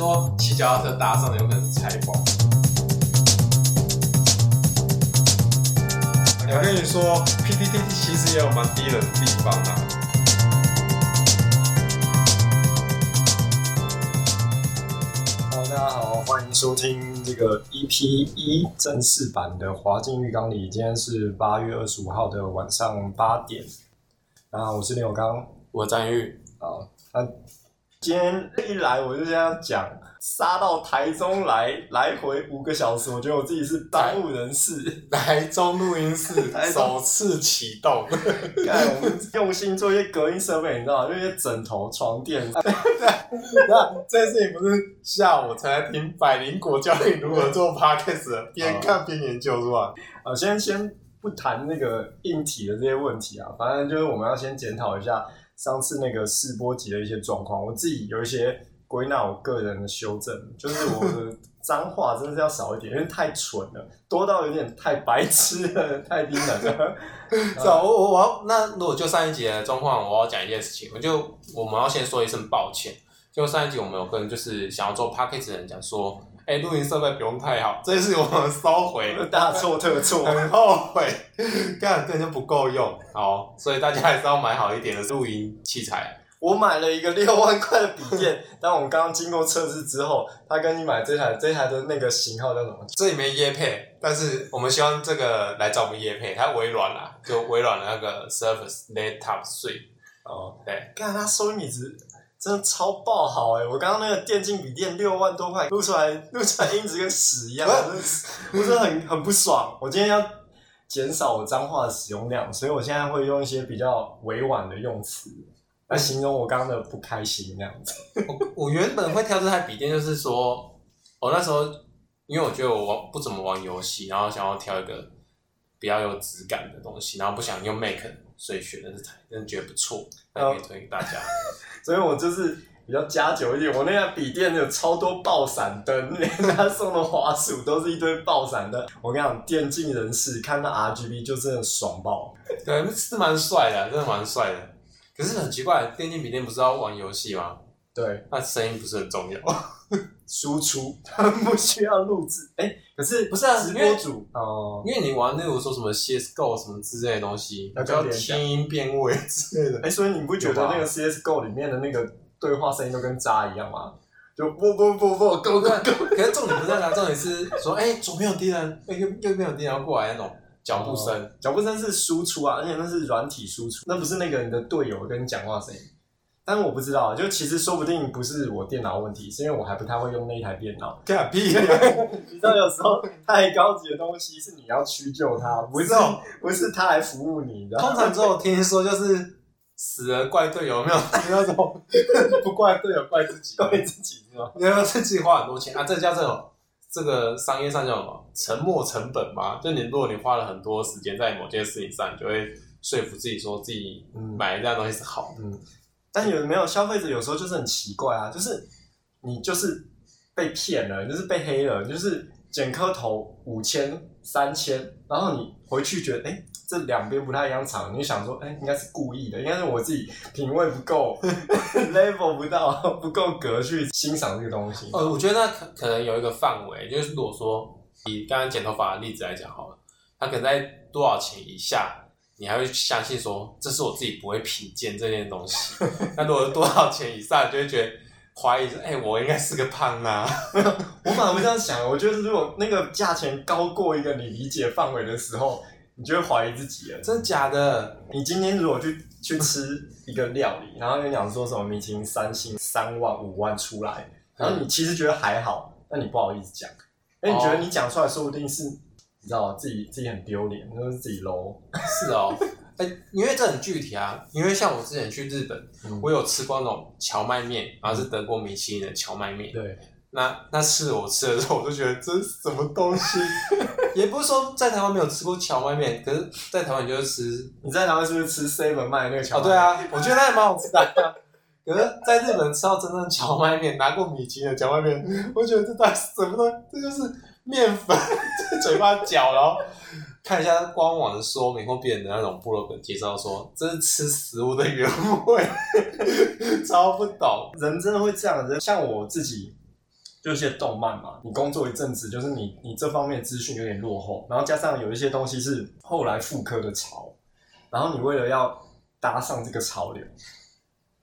說騎腳踏車搭訕的有可能是菜脯。我、okay，跟你說 PTT 其實也有蠻低的地方，啊，大家好，歡迎收聽這個 EP 一正式版的《滑進浴缸裡》，今天是八月二十五號的晚上八點。啊，我是林永剛，我詹玉。好，那，嗯。今天一來我就這樣講，殺到台中來來回五個小時，我覺得我自己是耽誤人士。台,台中錄音室，首次啟動，哎， 我們用心做一些隔音設備，你知道嗎？就一些枕頭、床墊，那、 嗯嗯嗯、這次你不是下午才來聽百靈果教你如何做 podcast 邊看邊研究是吧？好先先不談那個硬體的這些問題啊，反正就是我們要先檢討一下。上次那個試播集的一些狀況，我自己有一些歸納，我個人的修正，就是我的髒話真的是要少一點， 因為太蠢了，多到有點太白癡了， 太低能冷了，是、 啊，我我，我那如果就上一集的狀況，我要講一件事情，我就我們要先說一聲抱歉，就上一集我們有跟就是想要做 podcast 的人講說。哎、欸，錄音設備不用太好，這次我們收回，大錯特錯， 很後悔，這樣根本就不夠用。好，所以大家還是要買好一點的錄音器材。我買了一個六萬塊的筆電， 但我們剛剛經過測試之後，他跟你買這台這台的那個型號叫什麼？這裡沒葉配，但是我們希望這個來找我們葉配，它微軟啦、啊，就微軟的那個 Surface Laptop Three。哦，哎，剛它收音一直。真的超爆好哎、欸！我剛剛那個電競筆電六萬多塊錄出來，錄出來音質跟屎一樣，我 真的我很很不爽。我今天要減少我髒話的使用量，所以我現在會用一些比較委婉的用詞來形容我剛剛的不開心那樣子我。我原本會挑這台筆電，就是說，我那時候因為我覺得我玩不怎麼玩遊戲，然後想要挑一個比較有質感的東西，然後不想用 Mac，所以選的是台，真的覺得不錯，可以推給大家。 所以我就是比較加久一點，我那家筆電有超多爆閃燈，連他送的滑鼠都是一堆爆閃燈。我跟你講，電競人士看到 RGB 就真的爽爆，對，是蠻帥的，真的蠻帥的。可是很奇怪，電競筆電不是要玩遊戲嗎？對，那聲音不是很重要，輸 出，他不需要錄製。哎、欸，可是不是啊？直播主哦，因為你玩那個說什麼 CSGO 什麼之類的東西，要聽音辨位之類的。哎、 欸，所以你不覺得那個 CSGO 裡面的那個對話聲音都跟渣一樣嗎？就不不不不，夠夠。 可是重點不在那、啊，重點是說，哎、欸，左邊有敵人，哎、欸，右右邊有敵人要過來那種腳步聲，腳、嗯、步聲是輸出啊，而且那是軟體輸出，那不是那個你的隊友跟你講話聲音。但我不知道，就其實說不定不是我電腦問題，是因為我還不太會用那一台電腦。對啊，你知道有時候太高級的東西是你要屈就它，不是，是不是它來服務你的。通常這種聽說就是死人怪隊友，沒有那種 不怪隊友怪自己， 怪自己是吧？因為自己花很多錢啊，這叫這種這個商業上叫什麼？沉沒成本嘛。就你如果你花了很多時間在某件事情上，你就會說服自己說自己買一樣東西是好的。嗯但有沒有消費者有時候就是很奇怪啊，就是你就是被騙了，就是被黑了，就是剪顆頭五千三千，然後你回去覺得哎、欸，這兩邊不太一樣長，你就想說哎、欸，應該是故意的，應該是我自己品味不夠 ，level 不到，不夠格去欣賞這個東西。呃、哦，我覺得它可,可能有一個範圍，就是如果說以剛剛剪頭髮的例子來講好了，它可能在多少錢以下？你還會相信說這是我自己不會品鑑這件東西？ 那如果多少錢以上，就會覺得懷疑說，哎、欸，我應該是個胖啊？ 我反而會這樣想，我覺得如果那個價錢高過一個你理解範圍的時候，你就會懷疑自己了，真的假的？ 你今天如果去去吃一個料理，然後跟你講說什麼米其林三星三萬五萬出來，然後你其實覺得還好，但你不好意思講，哎，你覺得你講出來，說不定是？知道自己自己很丟臉，那、就是自己 low 是哦，喔，哎、欸，因為這很具體啊。因為像我之前去日本，嗯、我有吃過那種蕎麥麵，然後是德國米其林的蕎麥麵。對、嗯，那那次我吃的時候，我就覺得這是什麼東西。 也不是說在台灣沒有吃過蕎麥麵，可是在台灣就是吃。 你在台灣是不是吃 seven 賣的那個蕎麥麵，哦。對啊，我覺得那也蠻好吃的，啊。 可是在日本吃到真正的蕎麥麵，拿過米其林的蕎麥麵，我覺得這到底什麼東西？這就是。麵粉，嘴巴嚼，然後看一下官網的說明或別人的那種部落格介紹，說這是吃食物的原味。 超不懂。人真的會這樣，人像我自己，就是些動漫嘛。你工作一陣子，就是你你這方面資訊有點落後，然後加上有一些東西是後來復刻的潮，然後你為了要搭上這個潮流，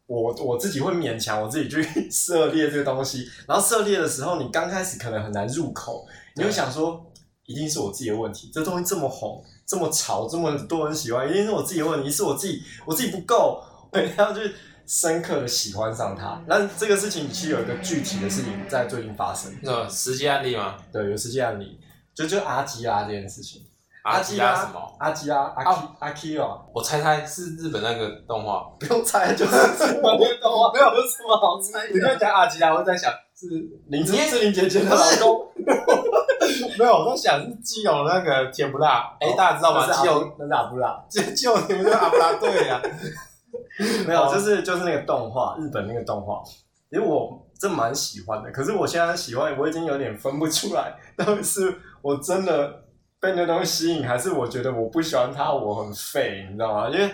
我我自己會勉強我自己去涉獵這個東西。然後涉獵的時候，你剛開始可能很難入口。你就想說，一定是我自己的問題。這東西這麼紅，這麼潮，這麼多人喜歡，一定是我自己的問題。是我自己，我自己不夠，我要去深刻的喜歡上它。那這個事情其實有一個具體的事情在最近發生，那實際案例嗎？對，有實際案例，就就阿吉拉，這件事情。阿吉拉，什麼？阿吉拉，阿阿吉哦。我猜猜是日本那個動畫，啊，不用猜，就是日本那個動畫， 沒有什麼好猜，啊。你剛要講阿吉拉。我在想是林志玲是林姐姐的老公。 沒有，我在想是基隆那個甜不辣，哎、哦欸，大家知道嗎？基隆那辣不辣？基不辣 基隆你們是辣不辣？對呀、啊？ 沒有，哦、就是就是那個動畫，日本那個動畫，其實我真蠻喜歡的。可是我現在喜歡，我已經有點分不出來，到底是我真的被那東西吸引，還是我覺得我不喜歡它，我很廢，你知道嗎？因為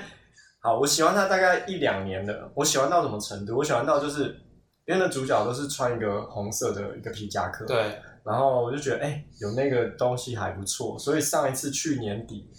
好，我喜歡它大概一兩年了，我喜歡到什麼程度？我喜歡到就是裡面的主角都是穿一個紅色的一個皮夾克，對。然後我就覺得，哎、欸，有那個東西還不錯，所以上一次去年底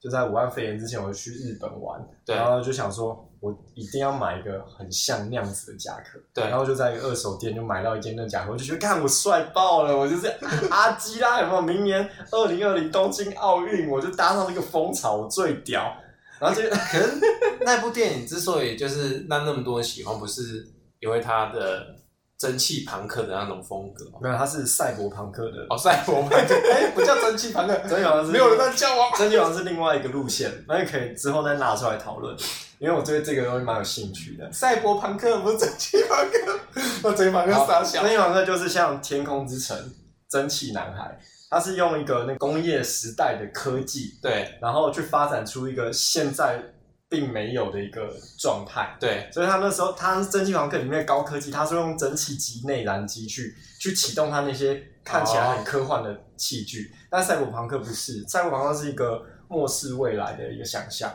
就在武漢肺炎之前，我去日本玩，然後就想說，我一定要買一個很像那樣子的夾克。然後就在一個二手店就買到一件那夾克，我就覺得看我帥爆了，我就是阿基拉， 有沒有？明年二零二零東京奧運，我就搭上那個風潮，我最屌。 然後就， 那部電影之所以就是讓那，那麼多人喜歡，不是因為它的。蒸汽朋克的那種風格，沒有，它是賽博朋克的。哦，賽博朋克，哎、 欸，不叫蒸汽朋克，蒸汽朋克沒有人在叫我、啊。蒸汽朋克是另外一個路線，那 可以之後再拿出來討論， 因為我對這個東西蠻有興趣的。賽博朋克不是蒸汽朋克， 我嘴巴跟傻笑。蒸汽朋克就是像《天空之城》 《蒸汽男孩》，它是用一個那個工業時代的科技，對，然後去發展出一個現在。並沒有的一個狀態，對，所以他那時候，他《蒸汽朋克》裡面的高科技，他是用蒸汽機、內燃機去去啟動他那些看起來很科幻的器具，哦、但賽博朋克不是，賽博朋克是一個末世未來的一個想象。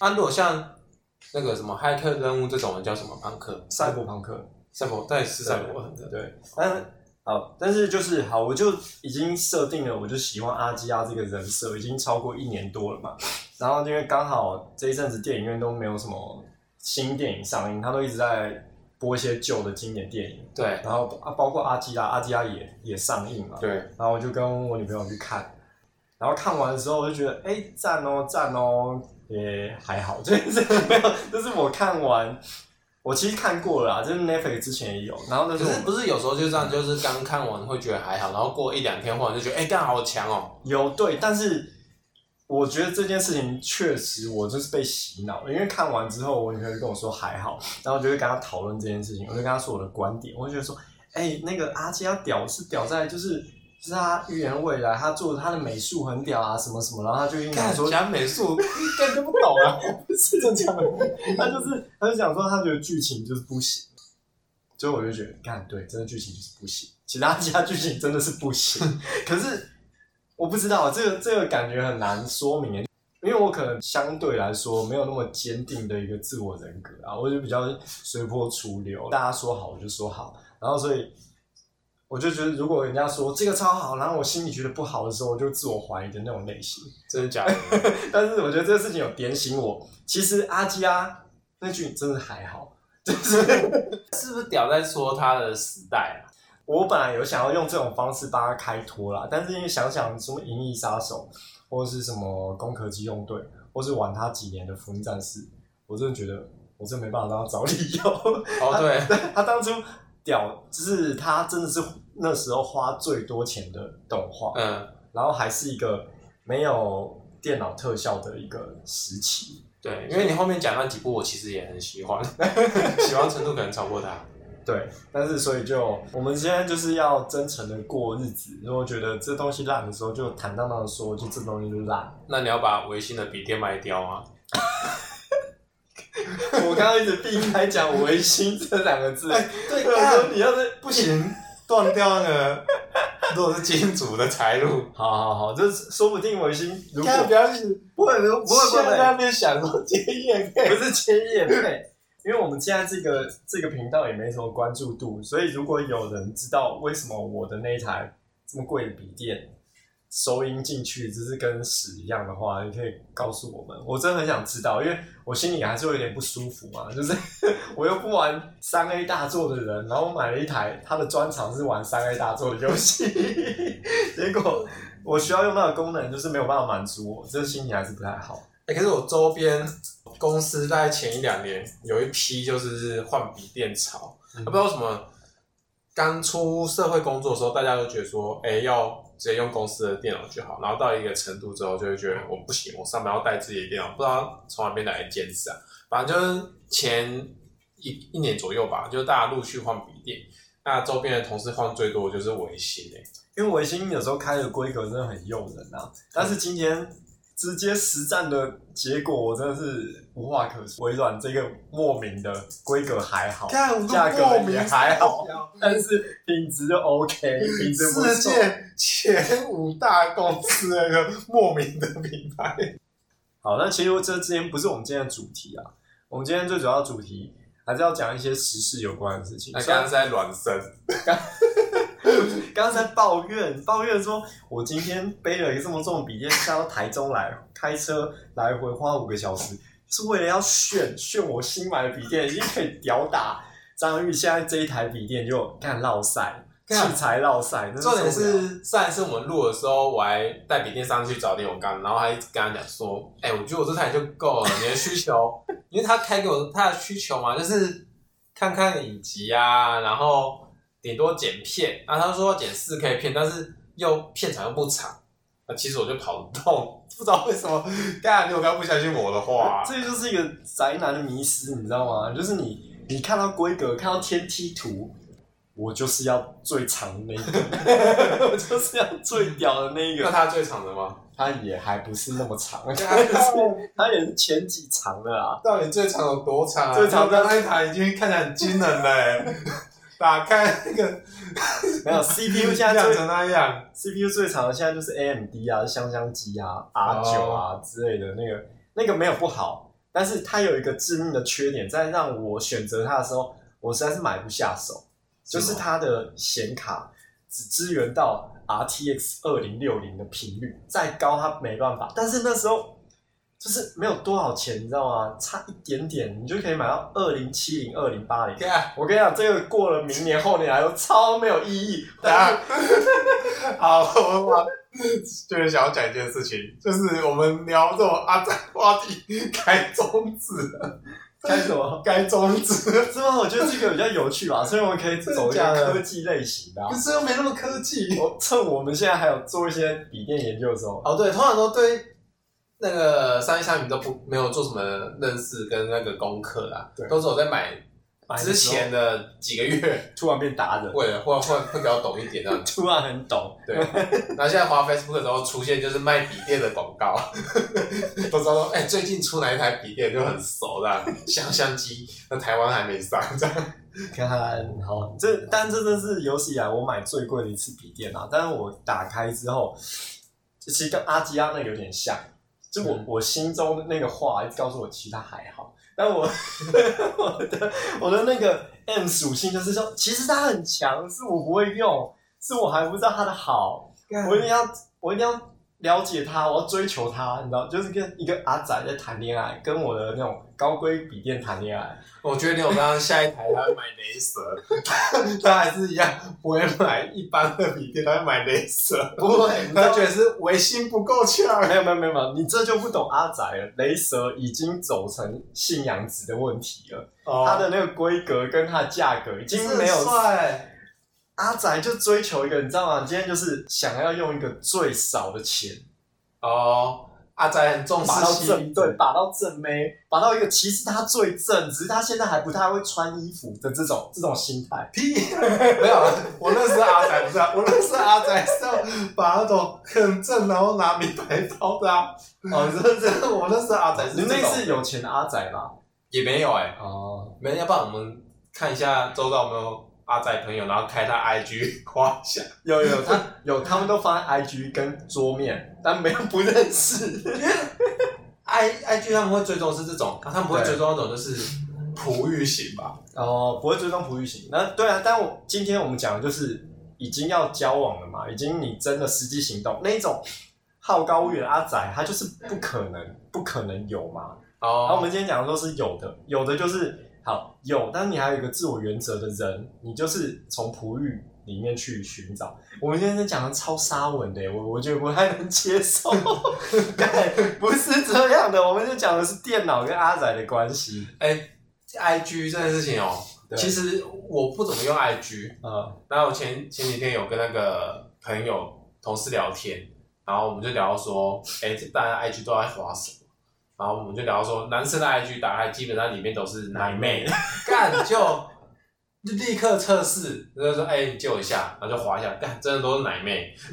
安、啊、朵像那個什麼《駭、嗯、客任務》這種，人叫什麼朋克？賽博朋克，賽博也是賽博朋克，對，對對嗯好，但是就是好，我就已經設定了，我就喜歡阿基拉這個人設，已經超過一年多了嘛。 然後因為剛好這一陣子電影院都沒有什麼新電影上映，他都一直在播一些舊的經典電影。對。對，然後啊，包括阿基拉，阿基拉也也上映了。對。然後我就跟我女朋友去看，然後看完的時候我就覺得，哎，讚哦，讚哦，也還好，這、就、這、是、沒有，這、就是我看完。我其實看過了啊，就是 Netflix 之前也有，然後就時不、就是不是有時候就這樣，嗯、就是剛看完會覺得還好，然後過一兩天後來就覺得哎，剛、欸、樣好強哦、喔。有對，但是我覺得這件事情確實我就是被洗腦了，因為看完之後我女朋友跟我說還好，然後就會跟他討論這件事情，我就跟他說我的觀點，我就覺得說哎、欸，那個阿基屌是屌在就是。是他預言未來，他做他的美術很屌啊，什麼什麼，然後他就應該說其他美術根本就不懂啊，我不是這樣，他就是他就想說他覺得劇情就是不行，所以我就覺得幹，對，真的劇情就是不行，其他其他劇情真的是不行， 可是我不知道這個這個感覺很難說明，因為我可能相對來說沒有那麼堅定的一個自我人格啊，我就比較隨波逐流，大家說好我就說好，然後所以。我就覺得，如果人家說這個超好，然後我心裡覺得不好的時候，我就自我懷疑的那種類型，真的假的？ 但是我覺得這個事情有點醒我。其實阿基拉、啊、那句真的還好，就是 是不是屌在說他的時代啊？我本來有想要用這種方式幫他開脫啦，但是因為想想什麼《銀翼殺手》或是什麼《攻殼機動隊》，或是晚他幾年的《福音戰士》，我真的覺得我真的沒辦法幫他找理由。哦，對， 他，他當初。掉，就是他真的是那時候花最多錢的動畫，嗯，然後還是一個沒有電腦特效的一個時期，對，因為你後面講那幾部我其實也很喜歡， 喜歡程度可能超過他，對，但是所以就我們現在就是要真誠的過日子，如果覺得這東西爛的時候，就坦荡荡的說，就這東西就爛，那你要把微信的筆電賣掉啊。 我剛剛一直避開講“微星”這兩個字，哎、對對我說你要是不行斷掉呢，如果是金主的財路， 好好好，這說不定微星如果不要緊，不會不會不會想過接業配，不是接業配， 因為我們現在這個這個頻道也沒什麼關注度，所以如果有人知道為什麼我的那台這麼貴的筆電。收音進去只是跟屎一樣的話，你可以告訴我們，我真的很想知道，因為我心裡還是會有點不舒服嘛。就是 我又不玩三 A 大作的人，然後我買了一台，他的專長是玩三 A 大作的遊戲， 結果我需要用到的功能，就是沒有辦法滿足我，這個心情還是不太好。哎、欸，可是我周邊公司大概前一兩年有一批就是換筆電潮，嗯，不知道什麼，剛出社會工作的時候，大家都覺得說，哎、欸、要。直接用公司的電腦就好，然後到一個程度之後就會覺得我不行，我上班要帶自己的電腦，不知道從哪邊來的堅持啊。反正就是前一一年左右吧，就是大家陸續換筆電，那周邊的同事換最多就是微星欸，因為微星有時候開的規格真的很誘人啊。但是今天、嗯。直接實戰的結果，我真的是無話可說。微軟這個莫名的規格還好，我莫名價格也還好，但是品質就 OK、嗯。品質不錯，世界前五大公司那個莫名的品牌。 好，那其實這之前不是我們今天的主題啊，我們今天最主要的主題還是要講一些時事有關的事情。那剛才在暖身。啊 剛 才在抱怨，抱怨說我今天背了一個這麼重的筆電，下到台中來，開車來回花五個小時，是為了要炫炫我新買的筆電，已經可以屌打張玉。現在這一台筆電就幹烙賽，器材烙賽。重點是上一次我們錄的時候，我還帶筆電上去找林永剛，然後還跟他講說：“哎、欸，我覺得我這台就夠了， 你的需求， 因為他開給我他的需求嘛，就是看看影集啊，然後。”頂多剪片，啊，他說要剪四 K 片，但是又片長又不長，啊，其實我就跑不動，不知道為什麼。對啊，你果剛不相信我的話。啊、這就是一個宅男的迷思，嗯，你知道嗎？就是你，嗯、你看到規格，看到天梯圖，嗯，我就是要最長的那一個， 我就是要最屌的那一個。那他最長的嗎？他也還不是那麼長，啊、他也是前幾長的啊。到底最長有多長，啊？最長的那一台已經看起來很驚人嘞、欸。 打開那個 沒有 C P U 現在做成那樣，C P U 最長的現在就是 A M D 啊，香香雞啊，R 九啊、oh. 之類的那個，那個沒有不好，但是它有一個致命的缺點，在讓我選擇它的時候，我實在是買不下手，就是它的顯卡只支援到 R T X 二零六零的頻率，再高它沒辦法。但是那時候。就是沒有多少錢，你知道嗎？差一點點，你就可以買到二零七零、二零八零。Yeah. 我跟你講，這個過了明年、後年， 還有超沒有意義。等下、啊， 好，我 就是想要講一件事情，就是我們聊這種啊在，話題該終止，該什麼？該終止，是嗎？我覺得這個比較有趣吧，所以我們可以走一下科技類型的、啊。可是又沒那麼科技。我趁我們現在還有做一些筆電研究的時候， 哦，對，通常都對。那個三商品都不沒有做什麼認識跟那個功課啦，都是我在買之前的幾個月突然變達人，會會會比較懂一點這樣 突然很懂。對，那 現在滑到 Facebook 的時候出現就是賣筆電的廣告， 都知道說哎、欸，最近出來一台筆電就很熟啦，像相機，那台灣還沒上這樣。看看好、哦，這但這真的是有史以來我買最貴的一次筆電啊，但是我打開之後，其實跟阿基亞那個有點像。就我、嗯、我心中的那個話告訴我，其他還好，但我， 我的我的那個 M 屬性就是說，其實它很強，是我不會用，是我還不知道它的好，我一定要我一定要。了解他，我要追求他，你知道，就是跟一個阿宅在談戀愛，跟我的那種高規筆電談戀愛。我覺得你有剛剛下一台，他會買雷蛇 他，他還是一樣不會買一般的筆電，他會買雷蛇，他 覺得是微星不夠嗆。 沒有沒有沒有，你這就不懂阿宅了。雷蛇已經走成信仰值的問題了，它、哦、的那個規格跟它的價格已經，已經沒有。阿宅就追求一個，你知道嗎？今天就是想要用一個最少的錢哦。阿宅很重視把到正，嗯、對，把到正妹，把到一個其實他最正，只是他現在還不太會穿衣服的這種這種心態。屁 沒有，我認識阿宅不是、啊， 我認我認識阿宅是要把那種很正，然後拿名牌包的啊。哦，真的，我認識阿宅是那是有錢的阿宅吧？也沒有哎、欸。哦，沒，要不然我們看一下周遭有沒有。阿仔朋友，然後開他 IG 誇一下，有有他有，他們都放在 IG 跟桌面，但沒有不認識。I IG 他們會追終是這種，他們不會追蹤那種就是璞玉型吧？哦、oh，不會追蹤璞玉型。那對啊，但我今天我們講的就是已經要交往了嘛，已經你真的實際行動，那一種好高騖遠阿仔，他就是不可能，不可能有嘛。Oh. 然後我們今天講的都是有的，有的就是。好，有，當你還有一個自我原則的人，你就是從璞玉裡面去尋找。我們今天在講的超沙文的，我我覺得不太能接受。 對，不是這樣的，我們就講的是電腦跟阿宅的關係。哎、欸、，I G 這件事情哦、喔，其實我不怎麼用 I G。 嗯。那我前前幾天有跟那個朋友同事聊天，然後我們就聊到說，哎、欸，這大家 I G 都在滑手。然後我們就聊說，男生的 I G 打開，基本上裡面都是奶妹， 幹就就立刻測試，就說哎、欸，你借我一下，然後就滑一下，但真的都是奶妹，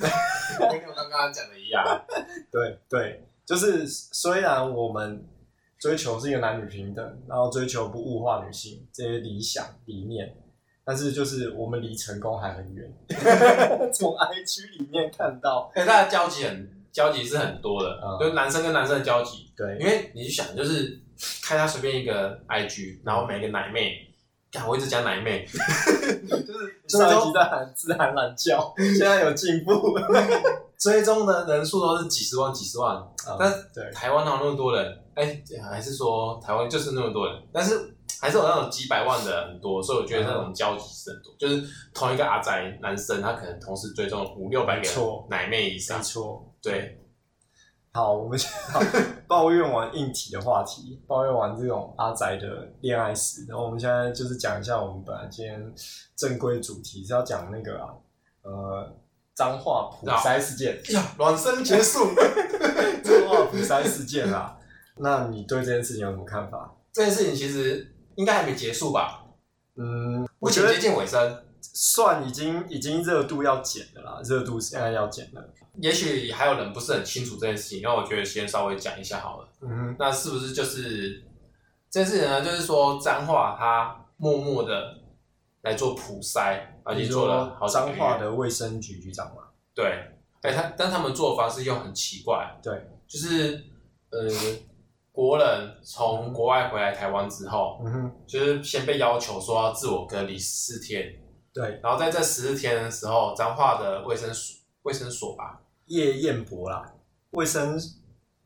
跟剛剛講的一樣， 對對，就是雖然我們追求是一個男女平等，然後追求不物化女性這些理想理念，但是就是我們離成功還很遠， 從 I G 裡面看到，哎、欸，大家交集很。交集是很多的，嗯、就男生跟男生的交集，對，因為你就想就是開他隨便一個 IG，然後每一個奶妹，看我一直講奶妹， 就是上集 在喊 自喊懶覺，現在有進步， 追蹤的人數都是幾十萬、幾十萬，嗯、但對台灣哪有那麼多人？哎、欸，還是說台灣就是那麼多人，但是 還是有那種幾百萬的很多，所以我覺得那種交集是很多，嗯、就是同一個阿宅男生，他可能同時追蹤五六百個奶妹以上，錯。對，好，我們先抱怨完硬體的話題， 抱怨完這種阿宅的戀愛史，然後我們現在就是講一下我們本來今天正規主題是要講那個啊，呃髒話普篩事件，呀，暖身結束，髒話普篩事件啊。 那你對這件事情有什麼看法？這件事情其實應該還沒結束吧？嗯，我覺得接近尾聲，算已經已經熱度要減的啦，熱度現在要減了。也許還有人不是很清楚這件事情，那我覺得先稍微講一下好了。嗯哼，那是不是就是這件事情呢？就是說，彰化他默默的來做普篩，而且做了好，彰化的衛生局局長嘛？對，哎、欸，他但他們做法是又很奇怪。對，就是呃，國人從國外回來台灣之後，嗯哼，就是先被要求說要自我隔離四天。對，然後在這十四天的時候，彰化的衛生所衛生所吧。葉彥博啦，衛生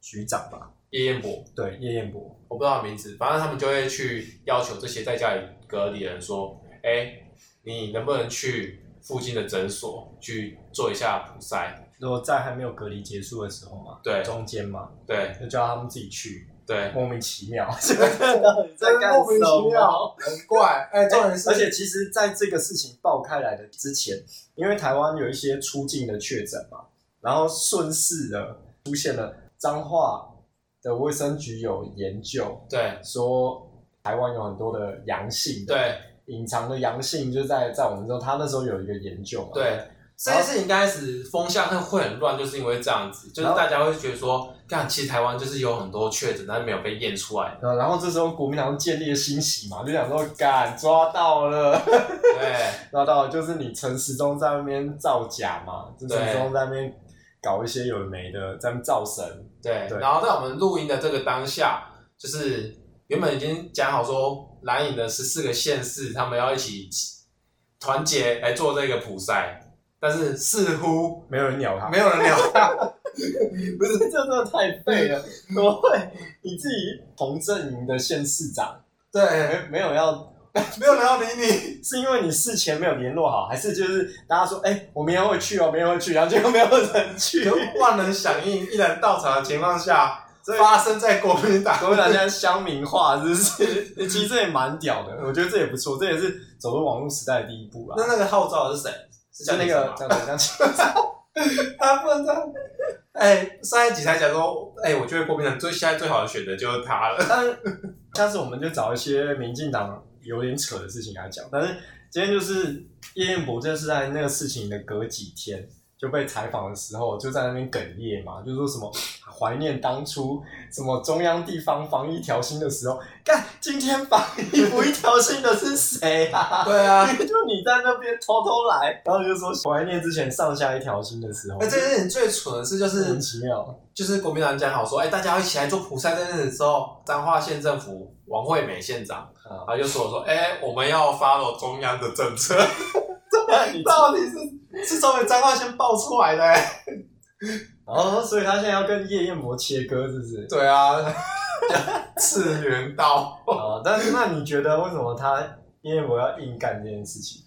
局長吧。葉彥伯，對，葉彥伯，我不知道他的名字，反正他們就會去要求這些在家裡隔離的人說：“哎、欸，你能不能去附近的診所去做一下普篩？如果在還沒有隔離結束的時候嘛，對，中間嘛，對，就叫他們自己去，對，莫名其妙， 真的莫名其妙，很怪。哎，真、欸、而且其實在這個事情爆開來的之前，因為台灣有一些出境的確診嘛。”然後順勢的出現了彰化的衛生局有研究，對，說台灣有很多的陽性，對，隱藏的陽性就在在我們中，他那時候有一個研究嘛，對，這件事情開始風向會會很亂，就是因為這樣子，就是大家會覺得說，看，其實台灣就是有很多確診，但是沒有被驗出來，然後這時候國民黨見獵心喜嘛，就想說，敢抓到了，對，抓到了， 到就是你陳時中在那邊造假嘛，陳時中在那邊。搞一些有的沒的，這樣造神對。對，然後在我們錄音的這個當下，就是原本已經講好說，藍營的十四個縣市，他們要一起團結來做這個普賽，但是似乎沒有人鳥他，沒有人鳥他，不是就這真的太廢了， 怎麼會？你自己同陣營的縣市長，對，沒有要。沒有人要理你， 是因為你事前沒有聯絡好，還是就是大家說，哎、欸，我明天會去哦，明天會去，然後結果沒有人去， 就萬能響應依然到場的情況下，所以發生在國民黨，國民黨現在鄉民化，是不是？ 其實這也蠻屌的，我覺得這也不錯，這也是走入網絡時代的第一步。那那個號召的是誰？是講那個？這樣這講，那個、 他不能這樣。哎，上一集才講說，哎，我覺得國民黨最現在最好的選擇就是他了。但是下次我們就找一些民進黨有點扯的事情來講，但是今天就是葉彥伯就是在那個事情的隔幾天就被採訪的時候，就在那邊哽咽嘛，就說什麼懷念當初什麼中央地方防疫一條心的時候，幹今天防疫不一條心的是誰，啊？ 對啊， 就你在那邊偷偷來，然後就說懷念之前上下一條心的時候。那、欸、這件事情最蠢的事，就是很奇妙，就是國民黨講好說，哎、欸，大家一起來做普篩的日的時候，彰化縣政府王惠美縣長。嗯、他就說：“我說，哎、欸，我們要 follow 中央的政策。 ”到底是 是中央彰化先爆出來的、欸，然、哦、後所以他現在要跟葉彥伯切割，是不是？對啊，次元刀。啊、嗯，但是那你覺得為什麼他葉彥伯要硬幹這件事情？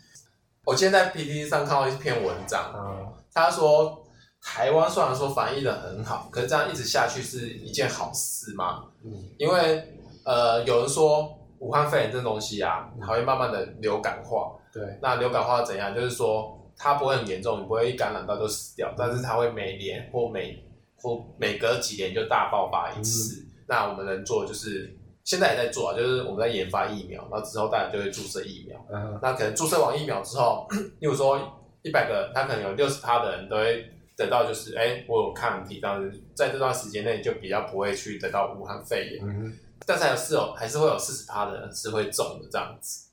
我今天在 PTT 上看到一篇文章，嗯、他說台灣雖然說防疫的很好，可是這樣一直下去是一件好事嗎？嗯、因為呃有人說。武漢肺炎這東西啊，它會慢慢的流感化。對。那流感化怎樣？就是說它不會很嚴重，你不會一感染到就死掉。嗯。但是它會每年或每或每隔幾年就大爆發一次。嗯。那我們能做就是現在也在做，啊，就是我們在研發疫苗，然後之後大家就會注射疫苗。嗯。那可能注射完疫苗之後，例如說一百個人，他可能有六十趴的人都會得到，就是哎，我有抗體，但是在這段時間內就比較不會去得到武漢肺炎。嗯。但是有四有還是會有四十趴的人是會中的這樣子，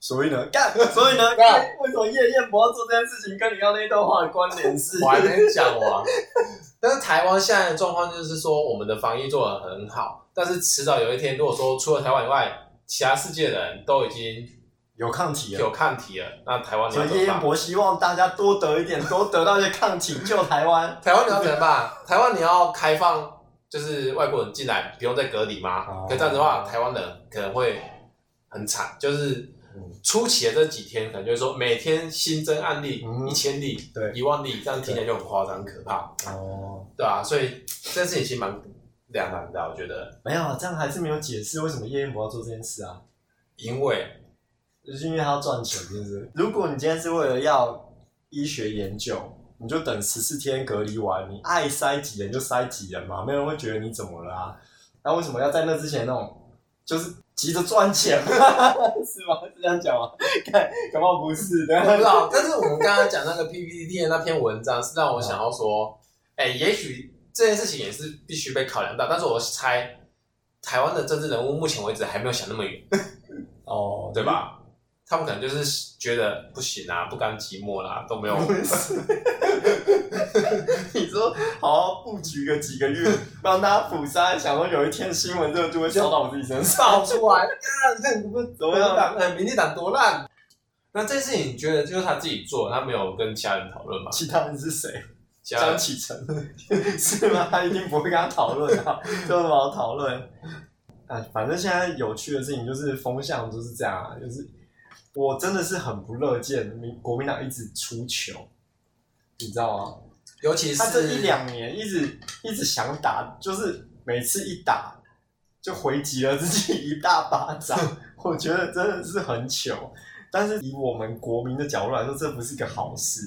所以呢，幹，所以呢，幹，為什麼葉彥博要做這件事情？跟你要那段話的關聯是，我還沒講完。 但是台灣現在的狀況就是說，我們的防疫做得很好，但是遲早有一天，如果說除了台灣以外，其他世界的人都已經有抗體了，有抗體了，那台灣你要怎麼辦？葉彥博希望大家多得一點， 多得到一些抗體救台灣。台灣你， 你要怎麼辦？台灣你要開放。就是外國人進來不用再隔離嗎？哦、可是這樣子的話，台灣人可能會很慘。就是初期的這幾天，可能就是說每天新增案例一千例、嗯、對一萬例，這樣聽起來就很誇張很可怕。哦、嗯，對吧、啊？所以這件事情其實蠻兩難的、嗯，我覺得。沒、哎、有，這樣還是沒有解釋為什麼葉劍不要做這件事啊？因為就是因為他要賺錢，就是。如果你今天是為了要醫學研究。你就等十四天隔離完，你愛塞幾人就塞幾人嘛，沒人會覺得你怎麼了啊？那為什麼要在那之前那種就是急着賺錢， 是嗎？是這樣講嗎？感感冒不是，對吧，很道。但是我們剛剛講那個 PPT 的那篇文章，是讓我想要說，哎、嗯欸，也許這件事情也是必須被考量到。但是我猜台灣的政治人物目前為止還沒有想那麼遠， 哦，對吧？嗯他們可能就是覺得不行啊，不甘寂寞啦、啊，都沒有。 你說，好好布局個幾個月，讓 大家釜山想說有一天新聞就會燒到我自己身上出來呀？你看你們國民黨、民進黨多爛？那這事情，你覺得就是他自己做，他沒有跟家人討論嗎？其他人是誰？張啟成是嗎？他一定不會跟他討論啊，有 什麼好討論？哎，反正現在有趣的事情就是風向就是這樣、啊，就是。我真的是很不樂見民國民黨一直出糗，你知道嗎？尤其是他這一兩年一直一直想打，就是每次一打就回擊了自己一大巴掌， 我覺得真的是很糗。但是以我們國民的角度來說，這不是個好事，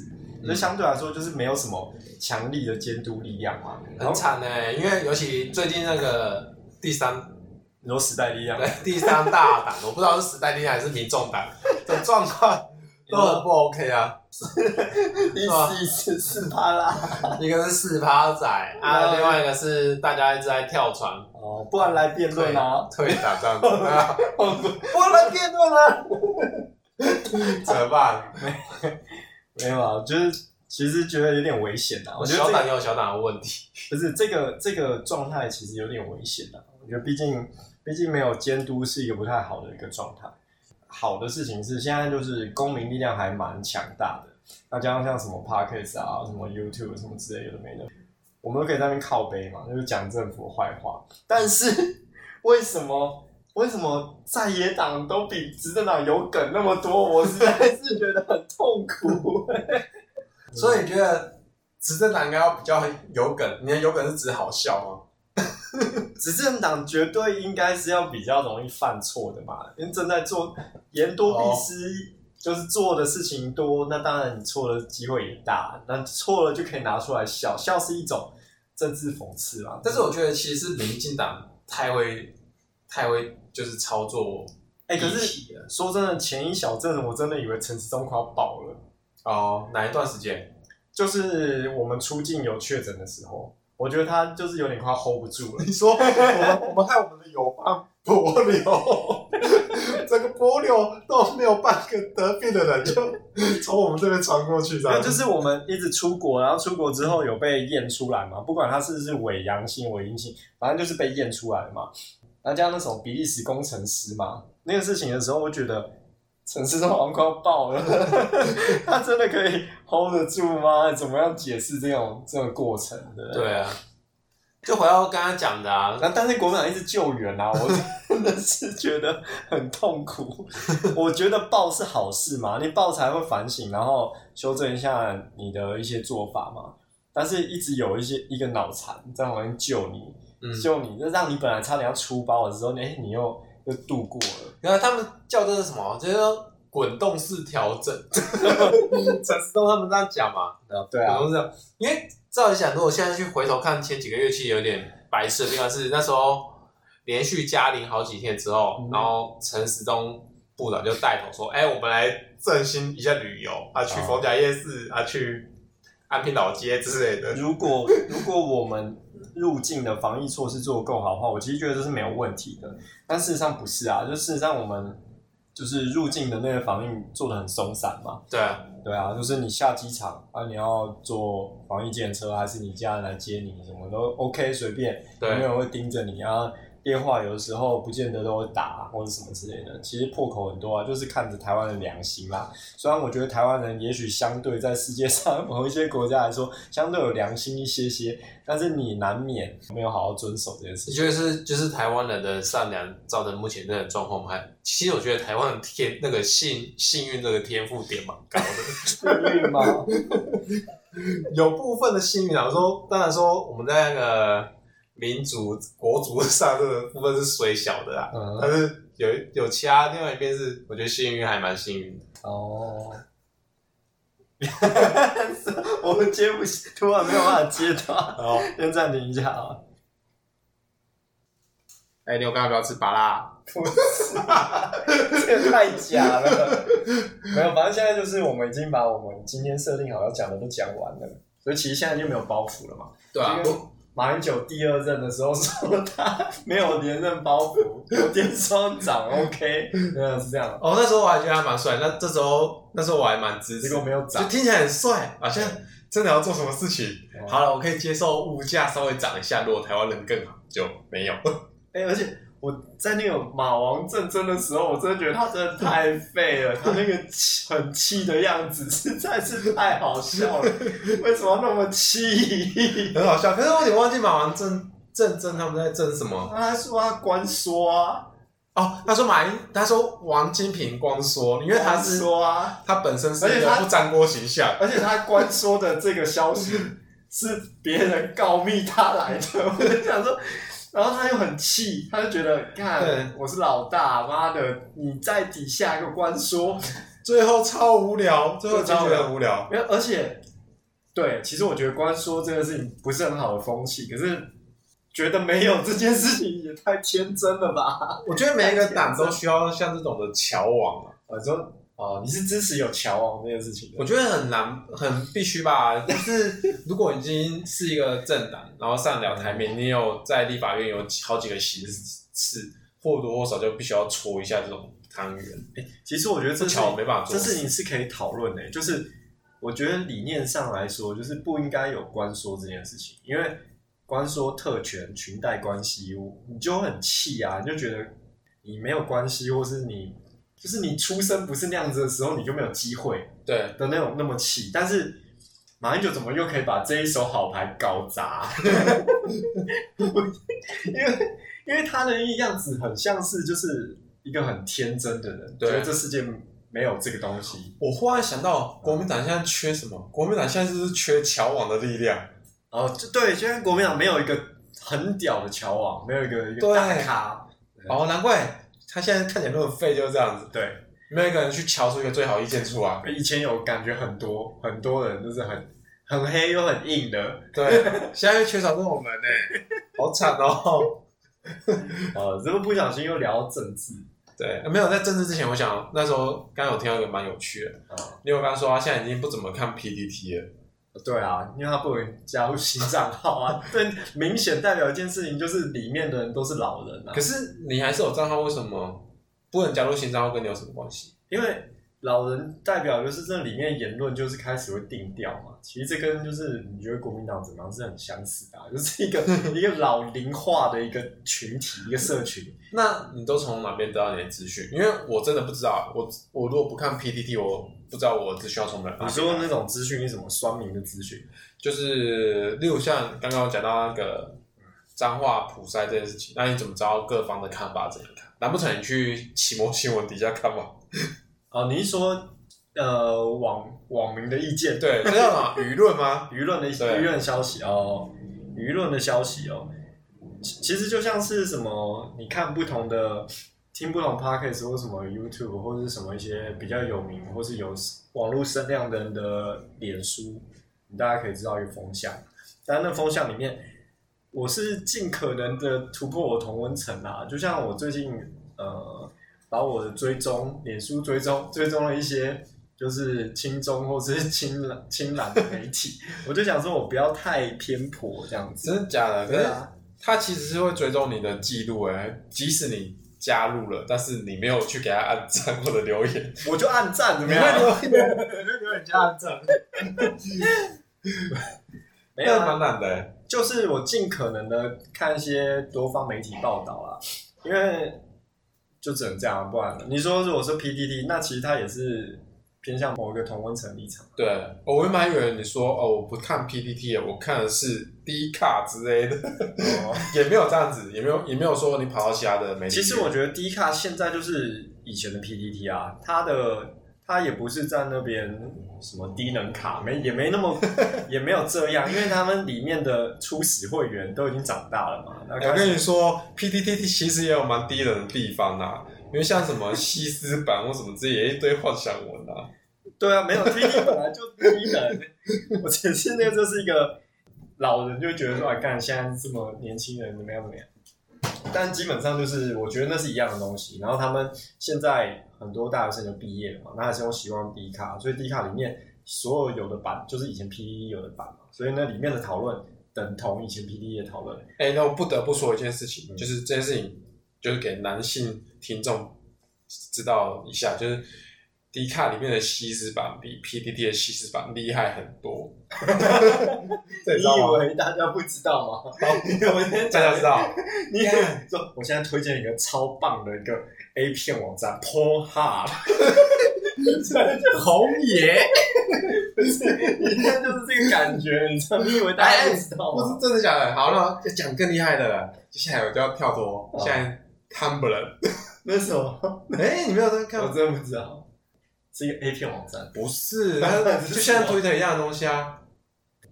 就、嗯、相對來說就是沒有什麼強力的監督力量嘛，很慘呢，因為尤其最近那個第三。有時代力量的，第三大黨， 我不知道是時代力量還是民眾黨的， 這狀況都很不 OK 啊！ 對啊 一,一四四趴啦，一個是四趴仔 啊， 另外一個是大家一直在跳船哦，不然來辯論啊，推打仗啊， 然後 不然來辯論啊， 怎麼辦？ 沒， 沒有，啊，我就是其實覺得有點危險啊。我覺得、這個、我小黨也有小黨的問題， 不是這個這個狀態其實有點危險啊。我覺得畢竟。畢竟沒有監督是一個不太好的一個狀態。好的事情是現在就是公民力量還蠻強大的，那加上像什麼 Podcast 啊、什麼 YouTube、啊、什麼之類的，有的沒的，我們都可以在那邊靠杯嘛，就是講政府壞話。但是為什麼為什麼在野黨都比執政黨有梗那麼多？我實在是覺得很痛苦。 所以你覺得執政黨應該要比較有梗？你的有梗是指好笑嗎？執 政黨絕對應該是要比較容易犯錯的嘛，因為正在做言多必失，oh. 就是做的事情多，那當然你錯的機會也大，那錯了就可以拿出來笑，笑是一種政治諷刺嘛。但是我覺得其實是民進黨太會 太會就是操作，哎、欸，可是說真的，前一小陣我真的以為陳時中快要爆了哦，oh, 哪一段時間？ 就是我們出境有確診的時候。我覺得他就是有點快 hold 不住了。你說，我們我們害我們的友邦帛琉， 整個帛琉都沒有半個得病的人，就從我們這邊傳過去。那就是我們一直出國，然後出國之後有被驗出來嘛？不管他是不是偽陽性、偽陰性，反正就是被驗出來嘛。然後加上那種比利時工程師嘛，那個事情的時候，我覺得。城市都皇冠爆了， 他真的可以 hold 得住嗎？怎麼樣解釋這種這種、個、過程的？對啊，就回到剛剛講的啊，那、啊、但是國民黨一直救援啊， 我真的是覺得很痛苦。 我覺得爆是好事嘛，你爆才會反省，然後修正一下你的一些做法嘛。但是，一直有一些一個腦殘在旁邊救你、嗯，救你，就讓你本來差點要出包的時候，哎、欸，你又。就度過了，然後他們叫這是什麼？就是滾動式調整，陳 時中他們這樣講嘛、哦？對啊、嗯，因為照理講，如果我現在去回頭看前幾個月，其實有點白痴、嗯，因為是那時候連續加零好幾天之後，然後陳時中部長就帶頭說：“哎、嗯欸，我們來振興一下旅遊啊，去逢甲夜市啊，去安平老街之類的。嗯”如果如果我們入境的防疫措施做得夠好的話，我其實覺得這是沒有問題的。但事實上不是啊，就事實上我們就是入境的那些防疫做得很鬆散嘛。對啊、嗯，對啊，就是你下機場啊，你要坐防疫計程車，還是你家人來接你，什麼都 OK，隨便，對，有沒有人會盯着你啊。電話有的時候不見得都會打、啊，或者什麼之類的。其實破口很多啊，就是看着台灣的良心嘛。雖然我覺得台灣人也許相對在世界上某一些國家來說，相對有良心一些些，但是你難免有沒有好好遵守這件事情。就是就是台灣人的善良，造成目前這種狀況。還其實我覺得台灣的天那個幸幸運這個天賦點蠻高的，幸運嗎？有部分的幸運啊，我說當然說我們在那個。呃民族國族上這個部分是水小的啦，嗯、但是有有其他另外一邊是，我覺得幸運還蠻幸運的哦。 yes, 我們接不起，突然沒有辦法接到、哦，先暫停一下啊。哎、欸，你有剛剛不要吃巴啦不是、啊， 這個太假了。 沒有，反正現在就是我們已經把我們今天設定好要講的都講完了，所以其實現在就沒有包袱了嘛。對啊。馬英九第二任的時候說他沒有連任包袱，油電雙漲，OK， 是這樣。哦，那時候我還覺得他蠻帥，那這時候那時候我還蠻支持，結果沒有漲，就聽起來很帥，好、啊，像真的要做什麼事情。嗯、好了，我可以接受物價稍微漲一下，如果台灣人更好就沒有。哎、 欸，而且。我在那個馬王政爭的時候，我真的覺得他真的太廢了， 他那個氣很氣的樣子實在是太好笑了。 為什麼那麼氣？很好笑。可是我有點忘記馬王政爭，政爭他們在爭什麼？他說他關說、啊。哦，他說馬英，他說王金平關說，因為他是說啊，他本身是一個不沾鍋形象，而且他關說的這個消息是別人告密他來的，我就想說。然後他又很氣，他就覺得看對，我是老大，媽的，你在底下一個關說，最後超無聊， 最後超無聊。而且，對，其實我覺得關說這件事情不是很好的風氣，可是覺得沒有 這件事情也太天真了吧？我覺得每一個黨都需要像這種的喬王啊，反正。哦、呃，你是支持有橋哦這件、那個、事情。我覺得很難，很必須吧。 但是，如果已經是一個政黨，然後上了台面，嗯，你有在立法院有好幾個席次，或多或少就必須要搓一下這種湯圓。哎、欸，其實我覺得這橋沒辦法做事這事是你是可以討論的。就是我覺得理念上來說，就是不應該有關說這件事情，因為關說特權、裙帶關係，你就很氣啊，你就覺得你沒有關係，或是你。就是你出生不是那樣子的時候，你就沒有機會。對的那種那麼氣，但是馬英九怎麼又可以把這一手好牌搞砸啊？ 因為因為他的樣子很像是就是一個很天真的人，覺得這世界沒有這個東西。我忽然想到，國民黨現在缺什麼？嗯，國民黨現在就是缺橋網的力量。哦，就對，現在國民黨沒有一個很屌的橋網，沒有一個一個大咖。哦，難怪。他現在看起來那麼廢，就是這樣子，對，沒有一個人去瞧出一個最好意見出來。以前有感覺很多很多人就是很很黑又很硬的，對， 現在又缺少這種人呢，欸，好慘哦，喔。如 果、 呃、不，不小心又聊到政治。對，呃、沒有在政治之前，我想那時候剛有聽到一個蠻有趣的，因為我剛說、啊、現在已經不怎麼看 PTT 了。對啊，因為他不能加入新賬號啊， 對，明顯代表一件事情，就是裡面的人都是老人啊。可是你還是有賬號，為什麼不能加入新賬號？跟你有什麼關係？因為。老人代表就是這裡面言論就是開始會定調嘛，其實這跟就是你覺得國民黨怎麼樣是很相似的，啊，就是一個 一個老齡化的一個群體一個社群。 那你都從哪邊得到你的資訊？因為我真的不知道，我我如果不看 PTT，我不知道我只需要從哪。你說那種資訊是什麼？雙明的資訊，就是例如像剛剛講到那個彰化普篩這件事情，那你怎麼知道各方的看法怎樣看？難不成你去奇摩新聞底下看嗎？ 哦，你是說呃網網民的意見對， 這樣、啊、輿論嗎？輿論嗎？輿論、哦、的輿論消息哦，輿論的消息哦，其實就像是什麼，你看不同的聽不同 podcasts 或什麼 YouTube 或是什麼一些比較有名或是有網路聲量的人的臉書，你大家可以知道一個風向，但那風向裡面，我是盡可能的突破我同溫層啦，就像我最近呃。把我的追蹤，臉書追蹤，追蹤了一些就是親中，或是親親藍的媒體， 我就想說，我不要太偏頗這樣子。真的假的？對啊，可是他其實是會追蹤你的記錄、欸、即使你加入了，但是你沒有去給他按讚或者留言，我就按讚怎麼樣？留言，哈哈哈，沒有，蠻懶的。就是我盡可能的看一些多方媒體報道啊， 因為。就只能這樣，斷了。你說如果是 PTT，那其實它也是偏向某一個同溫層立場。對，我蠻遠。你說哦，我不看 PTT，我看的是 D 卡之類的，哦、 也沒有這樣子，也沒有也沒有說你跑到其他的媒體。其實我覺得 D 卡現在就是以前的 PTT 啊，它的。他也不是在那邊什麼低能卡，沒也沒那麼，也沒有這樣， 因為他們裡面的初始會員都已經長大了嘛。我跟你說，PTT 其實也有蠻低能的地方啦、啊，因為像什麼西斯版或什麼之類，也一堆幻想文啦、啊。對啊，沒有 PTT 本來就低能， 我只是那就是一個老人就覺得說，哎幹，現在這麼年輕人怎麼樣怎麼樣？但基本上就是我覺得那是一樣的東西，然後他們現在。很多大學生就畢業了嘛，男生又喜歡 D 卡，所以 D 卡裡面所有有的版就是以前 PDD 有的版嘛，所以那裡面的討論等同以前 PDD 的討論。哎、欸，那我不得不說一件事情，就是這件事情就是給男性聽眾知道一下，就是 D 卡裡面的西斯版比 PDD 的西斯版厲害很多。 你以為大家不知道嗎？ 為大，家 大家知道。 你看，我我現在推薦一個超棒的一個。A 片網站 PornHub，紅、 就是，你、就、看、是、 不是 就是這個感覺，你知道你以為大家知道嗎、欸？不是真的假的？好了，就講更厲害的了，接下來我就要跳脫，啊、現在 Tumblr， 那是什麼？哎、欸，你沒有在看？ 我真的不知道，是一個 A 片網站？不是，、啊不是啊，就像 Twitter 一樣的東西啊！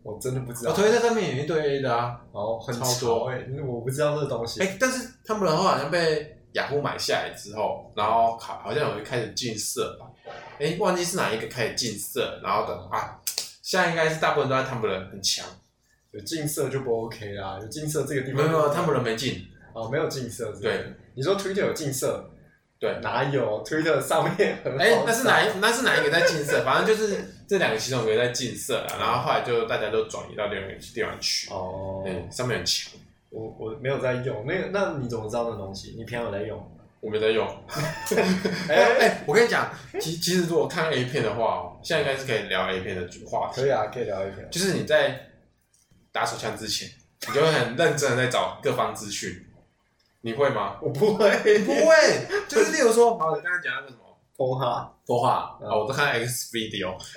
我真的不知道，啊、我，、啊我，我真的不知道哦、推特上面有一堆 A 的啊，然後很多，哎、欸，我不知道這個東西。哎、欸，但是 Tumblr 好像被。雅虎買下來之後，然後好好像有就開始禁色吧？哎、欸，忘記是哪一個開始禁色，然後等啊，現在應該是大部分都在 Tumblr 很強，有禁色就不 OK 啦。有禁色這個地方有沒有，沒有 Tumblr 沒沒有禁色是是。對，你說 Twitter 有禁色？對，哪有？Twitter 上面很上、欸、那是哪一那是哪一個在禁色？ 反正就是這兩個系統有在禁色了，然後後來就大家都轉移到另外一個地方去哦對，上面很強。我我沒有在用那那你怎麼知道那東西？你平常有在用？我沒在用。哎 哎、欸欸，我跟你講，其其實如果看 A 片的話哦，現在應該是可以聊 A 片的話題。可以啊，可以聊 A 片。就是你在打手槍之前，你就會很認真的在找各方資訊。你會嗎？ 我不會，不會。就是例如說， 好，你剛才講那個什麼脫畫脫畫啊，我都看 X video。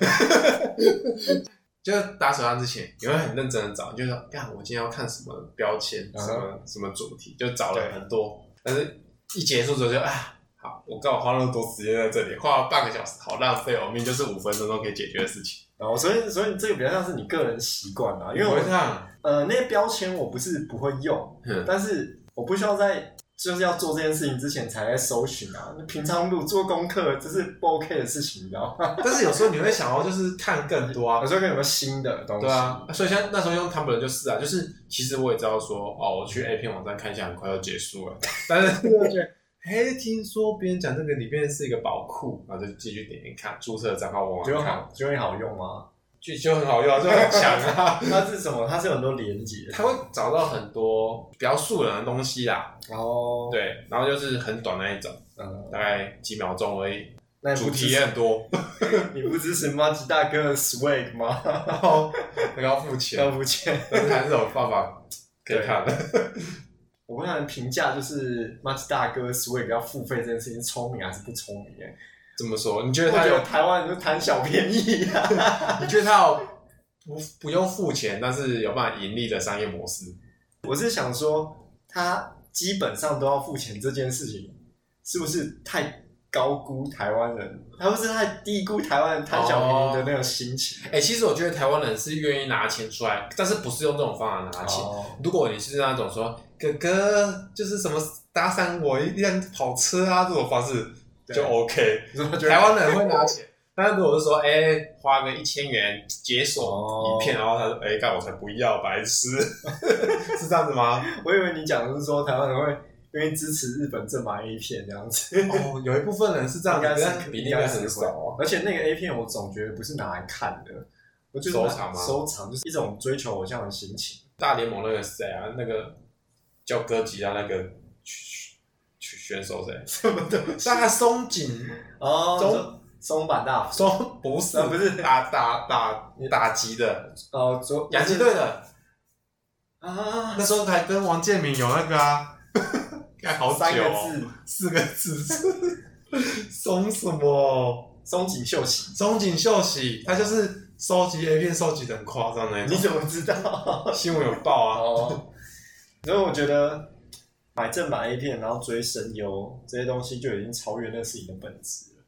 就打手上之前，你會很認真的找，就說呀，我今天要看什麼標籤，什麼、uh -huh. 什麼主題，就找了很多，但是一結束之後就啊，好，我剛好花那麼多時間在這裡，花了半個小時，好浪費哦，明明就是五分鐘都可以解決的事情。然、哦、後所以所以這個比較像是你個人習慣啦，因為我會看，呃那些、個、標籤我不是不會用，嗯、但是我不需要在。就是要做這件事情之前才在搜尋啊，平常路做功課，這是不 OK 的事情，你知道？ 但是有時候你會想要就是看更多啊，有時候看有沒有新的東西，對啊。所以像那時候用他 l r 就是啊，就是其實我也知道說哦，我去 A 片網站看一下，很快要結束了。 但是哎， 聽說別人講這個裡面是一個寶庫，然後就繼續點點看，注冊賬號就會好就會好用嗎、啊？劇情很好用，啊，就很強啊！ 它是什麼？它是有很多連接，它會找到很多比較素人的東西啦。然、oh. 後對，然後就是很短的那一種，嗯，大概幾秒鐘而已。主題也很多不支你不支持嗎？馬吉大哥的 swag 嗎？ swag 嗎 然後還要付錢。還要付錢，我 是還是有辦法可以看的。 我們想評價就是馬吉大哥的 swag 比較付費這件事情聰明還是不聰明，欸？哎。怎麼說？你覺得他有台灣人貪小便宜、啊？ 你覺得他有不不用付錢，但是有辦法盈利的商業模式？我是想說，他基本上都要付錢，這件事情是不是太高估台灣人？不是太低估台灣人貪小便宜的那種心情？哎、哦欸，其實我覺得台灣人是願意拿錢出來，但是不是用這種方法拿錢？哦、如果你是那種說哥哥，就是什麼搭訕，我一輛跑車啊這種方式。就 OK，台灣人會拿錢。但是如果是說，哎，花個一千元解鎖影片、哦，然後他說，哎、欸，那我才不要，白痴， 是這樣子嗎？ 我以為你講的是說台灣人會願意支持日本正版 A 片這樣子。哦，有一部分人是這樣子，嗯、但是比例應該很少。而且那個 A 片，我總覺得不是拿來看的，我覺得，收藏嗎？收藏就是一種追求偶像的心情。大聯盟那個誰啊，那個叫哥吉拉啊，那個。選手誰、 哦？不對，那松井哦，松松板。大松不是不是打打打打擊的哦，打擊隊的、呃、的啊，那時候還跟王健明有那個啊， 還好、哦、三個字四個字松 什麼松井秀喜，松井秀喜，秀喜他就是收集 A 片收集的很誇張的。你怎麼知道？新聞有報啊，哦、 所以我覺得。買正版 A 片，然後追聲優這些東西就已經超越那事你的本質了。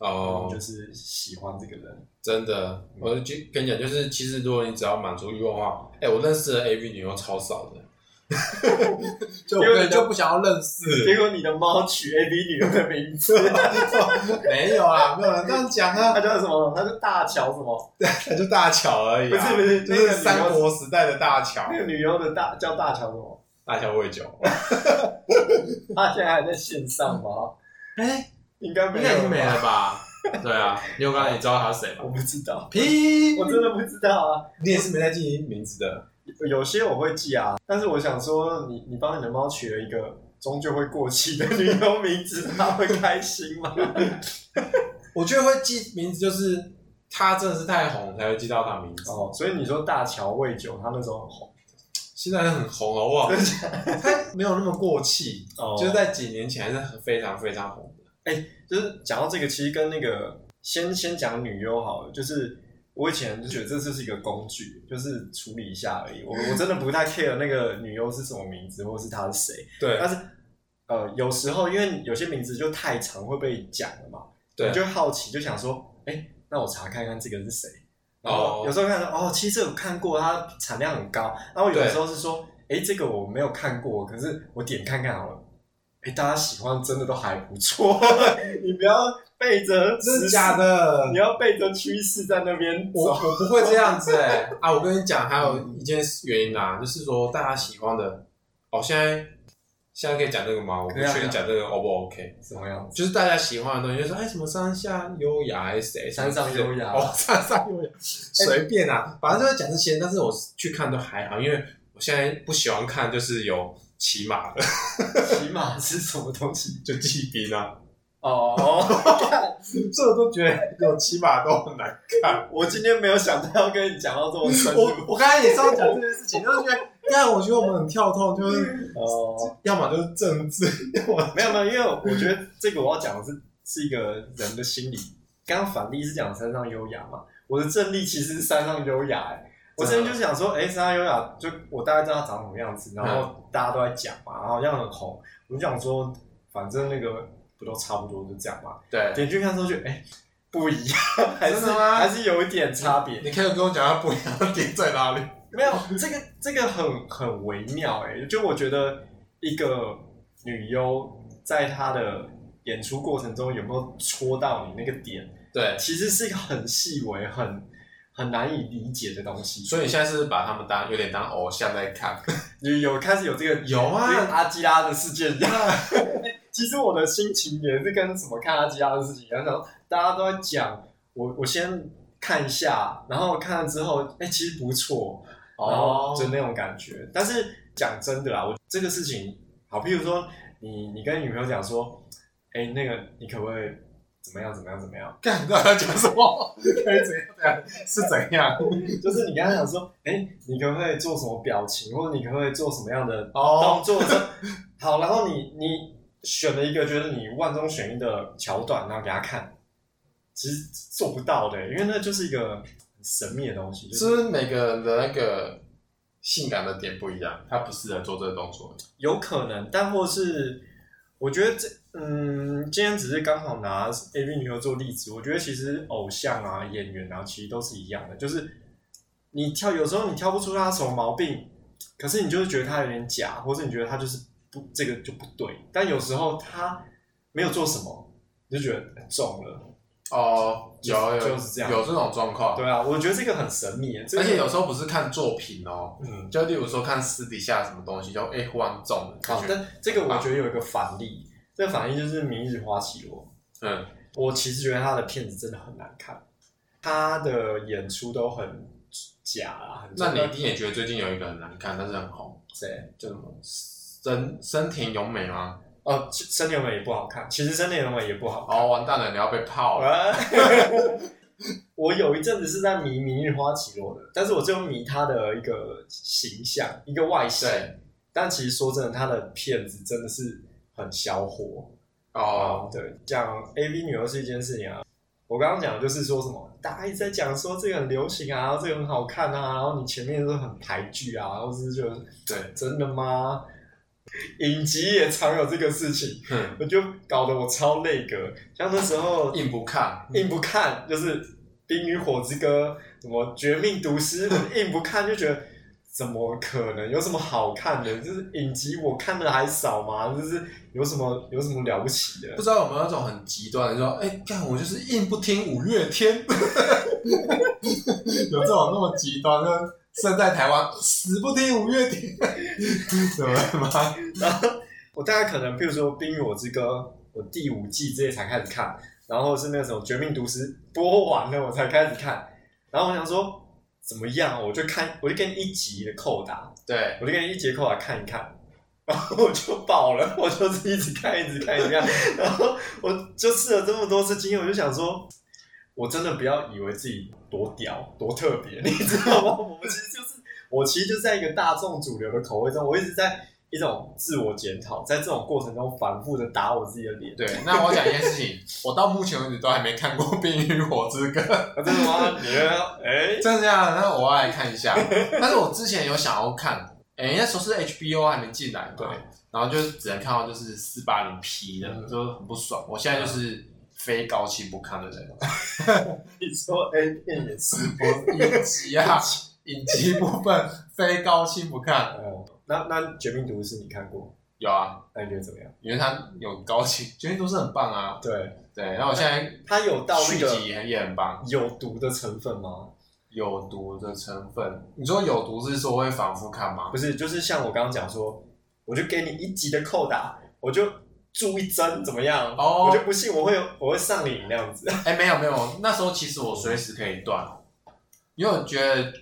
哦、oh，就是喜歡這個人，真的。Mm -hmm. 我就跟你講，就是其實如果你只要滿足欲望的話，哎、欸，我認識的 AV 女優超少的， 就因為跟 就，就不想要認識。結果你的貓取 AV 女優的名字， 沒有啊，沒有人這樣講啊，它 叫什麼？它叫大喬，什麼？它 就大喬而已、啊。不是不是，就是三國時代的大喬。那個女優的大叫大喬什麼？大喬未酒， 他現在還在線上嗎？哎、 欸，應該應該沒了吧？ 對啊，剛 才你知道他是誰嗎？我不知道，屁，我真的不知道啊！你也是沒在記名字的，有些我會記啊，但是我想說你，你你幫你的貓取了一個終究會過期的女優名字， 它會開心嗎？ 我覺得會記名字，就是它真的是太紅才會記到他名字哦。所以你說大橋未久，它那時候很紅。現在很紅哦，哇！ 他沒有那麼過氣，oh. 就是在幾年前還是非常非常紅的。哎、欸，就是講到這個，其實跟那個先先講女優好了。就是我以前就覺得這是一個工具，就是處理一下而已。 我我真的不太 care 那個女優是什麼名字或者是她是誰。對，但是呃，有時候因為有些名字就太長會被講了嘛，我就好奇就想說，哎、欸，那我查看看這個是誰。哦，有時候看到哦，其實有看過，它產量很高。然後有的時候是說，誒、欸，這個我沒有看過，可是我點看看好了。欸、大家喜歡真的都還不錯。 你不要背着，真的假的？你，你要背着趨勢在那邊，我，我不會這樣子、欸、 啊！我跟你講，還有一件原因啦、啊，就是說大家喜歡的，哦，現在。現在可以講這個嗎？可以啊、我不確定講這個 O 不 OK 什麼樣？就是大家喜歡的東西，就說哎、欸、什麼山下優雅還是誰？山上優雅，上優雅，哦，山上優雅，隨、欸、便啊，反正就是講這些。但是我去看都還好，因為我現在不喜歡看就是有騎馬的，騎馬是什麼東西？ 就騎兵啊，哦，這 都覺得有騎馬都很難看。 我今天沒有想到要跟你講到這麼深入，我剛才也正在講這件事情，就 是覺得。但我覺得我們很跳脫，就是呃、嗯，要麼就是政治，沒、嗯、有 沒有，因為我覺得這個我要講的是， 是一個人的心理。剛剛反例是講山上優雅嘛，我的正例其實是山上優雅、欸嗯。我之前就是想說，哎、欸，山上優雅，就我大概知道他長什麼樣子，然後大家都在講嘛、嗯，然後這樣很紅。我就想說，反正那個不都差不多就這樣嘛。對，點進去看之後哎、欸，不一樣，還是還是有一點差別。你可以跟我講他不一樣的點在哪裡？ 沒有這個，這個很很微妙哎、欸，就我覺得一個女優在她的演出過程中有沒有戳到你那個點？對，其實是一個很細微、很很難以理解的東西。所以你現在是，是把他們當有點當偶像在看？ 有有開始有這個有啊？這個、阿基拉的事件。 其實我的心情也是跟什麼看阿基拉的事情一樣。然後大家都在講，我我先看一下，然後看了之後，哎、欸，其實不錯。哦、oh，就那種感覺，oh。但是講真的啦，我這個事情，好，比如說你，你你跟女朋友講說，哎、欸，那個你可不可以怎麼樣怎麼樣怎麼樣？幹不知講什麼， 可以怎樣怎樣 是怎樣？ 就是你跟他講說，哎、欸，你可不可以做什麼表情，或者你可不可以做什麼樣的動作？哦，做好，然後你你選了一個覺得你萬中選一的橋段，然後給他看，其實做不到的，因為那就是一個。神秘的東西，就是、是，不是每個人的那個性感的點不一樣，他不適合做這個動作。有可能，但或是我覺得這，嗯，今天只是剛好拿 AV 女優做例子。我覺得其實偶像啊、演員啊，其實都是一樣的，就是你挑，有時候你挑不出他什麼毛病，可是你就是覺得他有點假，或是你覺得他就是不，這個就不對。但有時候他沒有做什麼，你就覺得很重了哦。嗯呃有有、就是、這有這種狀況，對啊，我覺得這個很神秘、這個就是。而且有時候不是看作品哦、喔嗯，就例如說看私底下什麼東西，就欸，忽然好，但這個我覺得有一個反例，啊、這個、反例就是《明日花期》。羅》。嗯，我其實覺得他的片子真的很難看，他的演出都很假啊。那你一定也覺得最近有一個很難看，但是很紅，誰？就什麼森森田有美嗎？哦、身體田美也不好看。其實身體榮美也不好看。哦，完蛋了，你要被泡了。 我有一陣子是在迷《明日花綺羅》的，但是我就迷他的一個形象，一個外形。但其實說真的，他的片子真的是很銷火哦、嗯、對，講 AV 女優是一件事情啊。我剛剛講的就是說什麼，大家一直在講說這個很流行啊，然後這個很好看啊，然後你前面都很排拒啊，然後是是就是覺得，對，真的嗎？影集也常有這個事情，我、嗯、就搞得我超內個，像那時候硬不看，嗯、硬不看就是《冰與火之歌》什麼《絕命毒師》，硬不看就覺得怎麼可能？有什麼好看的？嗯、就是影集我看的還少嘛，就是有什麼有什麼了不起的？不知道有沒有那種很極端的就說，哎、欸，幹我就是硬不聽五月天， 有這種那麼極端的？生在台灣，死不聽五月天。怎 麼？然後我大概可能，比如說《冰與火之歌》我第五季之類才開始看，然後是那種《絕命毒師》播完了我才開始看，然後我想說怎麼樣，我就看，我就跟一集的扣打，對我就跟一集的扣打看一看，然後我就飽了，我就是一直看一直看一直看。 然後我就試了這麼多次經驗，我就想說。我真的不要以為自己多屌，多特別，你知道嗎？ 我們其實就是我其實就是在一個大眾主流的口味中，我一直在一種自我檢討，在這種過程中反覆的打我自己的臉。對，那我講一件事情， 我到目前為止都還沒看過《冰與火之歌》，真的嗎？你哎，真的這樣，那我要來看一下。 但是我之前有想要看，哎、欸，那時候是 HBO 還沒進來嘛，對，然後就只能看到就是四八零 P 的， 就很不爽。我現在就是。 非高清不看的人， 你說 A 片也只播一集啊？ 影集部分非高清不看，哦、嗯。那那絕命毒師你看過？有啊，那你覺得怎麼樣？因為它有高清，絕命毒師很棒啊。對對，然後我現在它有道具。也很棒。有毒的成分嗎？有毒的成分？你說有毒是說會反覆看嗎？不是，就是像我剛剛講說，我就給你一集的扣打，我就。注一針怎麼樣？哦、oh.，我就不信我會我會上癮那樣子。哎、欸，沒有沒有，那時候其實我隨時可以斷， 因為我覺得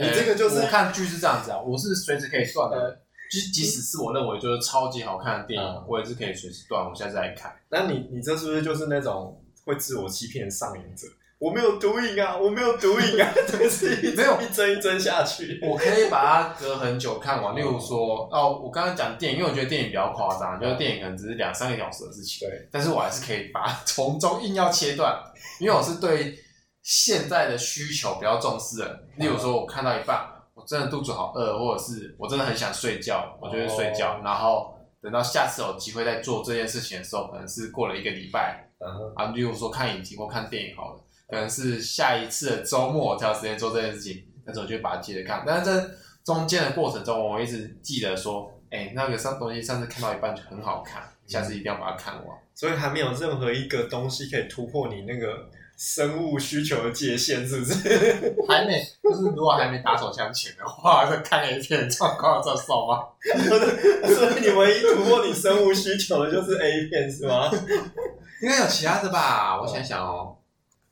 你這個就是、欸、看劇是這樣子啊，我是隨時可以算的。即、嗯、即使是我認為就是超級好看的電影，嗯、我也是可以隨時斷，我現在在看。那你你這是不是就是那種會自我欺騙上癮者？我沒有毒癮啊，我沒有毒癮啊， 是一針一針沒有一針一針下去。我可以把它隔很久看完，例如說哦，我剛剛講電影，因為我覺得電影比較誇張，就是電影可能只是兩三個小時的事情，對。但是我還是可以把它從中硬要切斷，因為我是對現在的需求比較重視的。例如說，我看到一半，我真的肚子好餓，或者是我真的很想睡覺，我就會睡覺、哦。然後等到下次有機會再做這件事情的時候，可能是過了一個禮拜、嗯、啊。例如說看影集或看電影好了。可能是下一次的週末才有時間做這件事情，那、嗯、是我就把它接着看。但是在中間的過程中，我一直記得說，哎、欸，那個上東西上次看到一半就很好看、嗯，下次一定要把它看完。所以還沒有任何一個東西可以突破你那個生物需求的界限，是不是？還沒，就是如果還沒打手槍前的話，再 看 A 片，這樣再了這嗎？所以你唯一突破你生物需求的就是 A 片是嗎？ 應該有其他的吧，我想想哦、喔。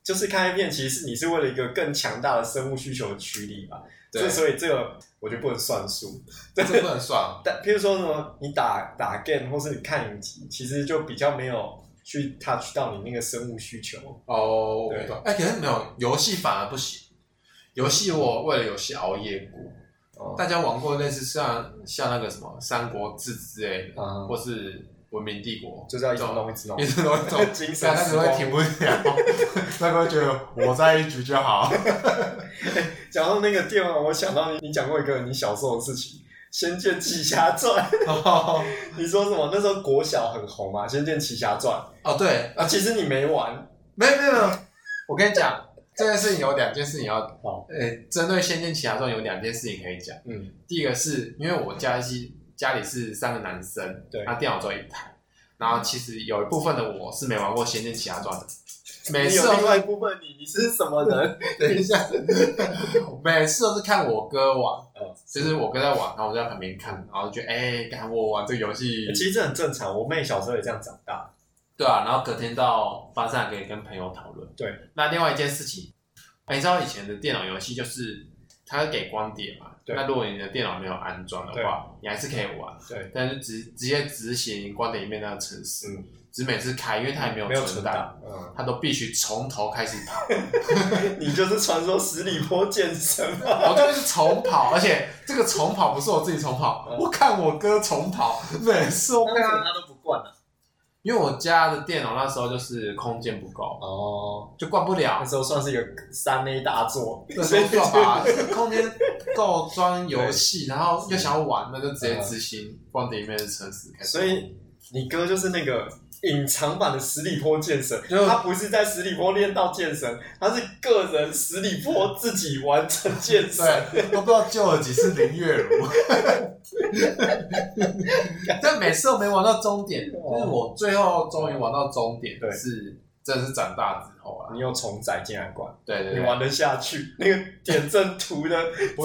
就是看一遍，其實你是為了一個更強大的生物需求的驅力吧。對，所以這個我覺得不能算數。對，這不能算。但 譬如說什麼，你打打 game 或是你看影集，其實就比較沒有去 touch 到你那個生物需求。哦、oh，對。哎、欸，可是沒有遊戲反而不行。遊戲我為了遊戲熬夜過。哦、嗯。大家玩過類似像像那個什麼《三國志》之類的，嗯、或是。文明帝國、就是要一一，一直弄一直弄，一直弄，精神死亡，他停不下他 會覺得我在一局就好。講 到那個電玩，我想到你，你講過一個你小時候的事情，仙《仙劍奇俠傳。》 你說什麼？那時候國小很紅嘛，《仙劍奇俠傳》。哦，對啊，其實你沒玩，沒沒沒，我跟你講， 這件事情有兩件事情要，呃、哦，針、欸、對《仙劍奇俠傳》有兩件事情可以講。嗯，第一個是因為我家系。家裡是三個男生，對，那電腦桌一台，然後其實有一部分的我是沒玩過仙其他《仙劍奇俠傳》的，沒有另外一部分，你你是什麼人？ 等一下， 每次都是看我哥玩，其、嗯、實、就是、我哥在玩，然後我在旁邊看，然後就覺得哎，趕、欸、我玩這個遊戲、欸，其實這很正常，我妹小時候也這樣長大，對啊，然後隔天到班上可以跟朋友討論，對，那另外一件事情，你知道以前的電腦遊戲就是它會給光碟嘛。那如果你的電腦沒有安裝的話，你還是可以玩。對，但是直直接執行光碟裡面那個程式。嗯，只每次開，因為它還沒有存檔，它、嗯嗯、都必須從頭開始跑。 你就是傳說十里坡劍神嘛？我就是重跑， 而且這個重跑不是我自己重跑，嗯、我看我哥重跑，每次我哥他都不慣了。因為我家的電腦那時候就是空間不夠，哦，就灌不了。那時候算是一個三 A 大作， 那時候就把就空間夠灌遊戲，然後又想玩，那就直接執行光碟裡面的程式，所以，你哥就是那個。隱藏版的十里坡劍神，他不是在十里坡練到劍神，他是個人十里坡自己完成劍神，都 不知道救了幾次林月如， 但每次都沒玩到終點。但、哦、是我最後終於玩到終點，對、哦，是真是長大之後啊，你又重載進來過，對，對對，你玩得下去？ 那個點陣圖的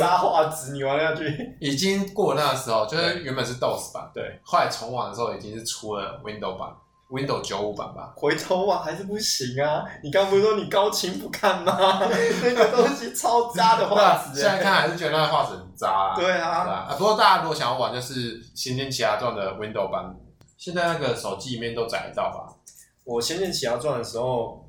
插畫紙，你玩得下去？已經過那個時候，就是原本是 DOS 版對，對，後來重玩的時候已經是出了 Windows 版。Windows 九五版吧，回頭啊還是不行啊！你剛不是說你高清不看嗎？ 那個東西超渣的畫質，現在看還是覺得那個畫質很渣，啊啊。對啊，啊！不過大家如果想要玩，就是《仙劍奇俠傳》的 Windows 版，現在那個手機裡面都載得到吧？我《仙劍奇俠傳》的時候。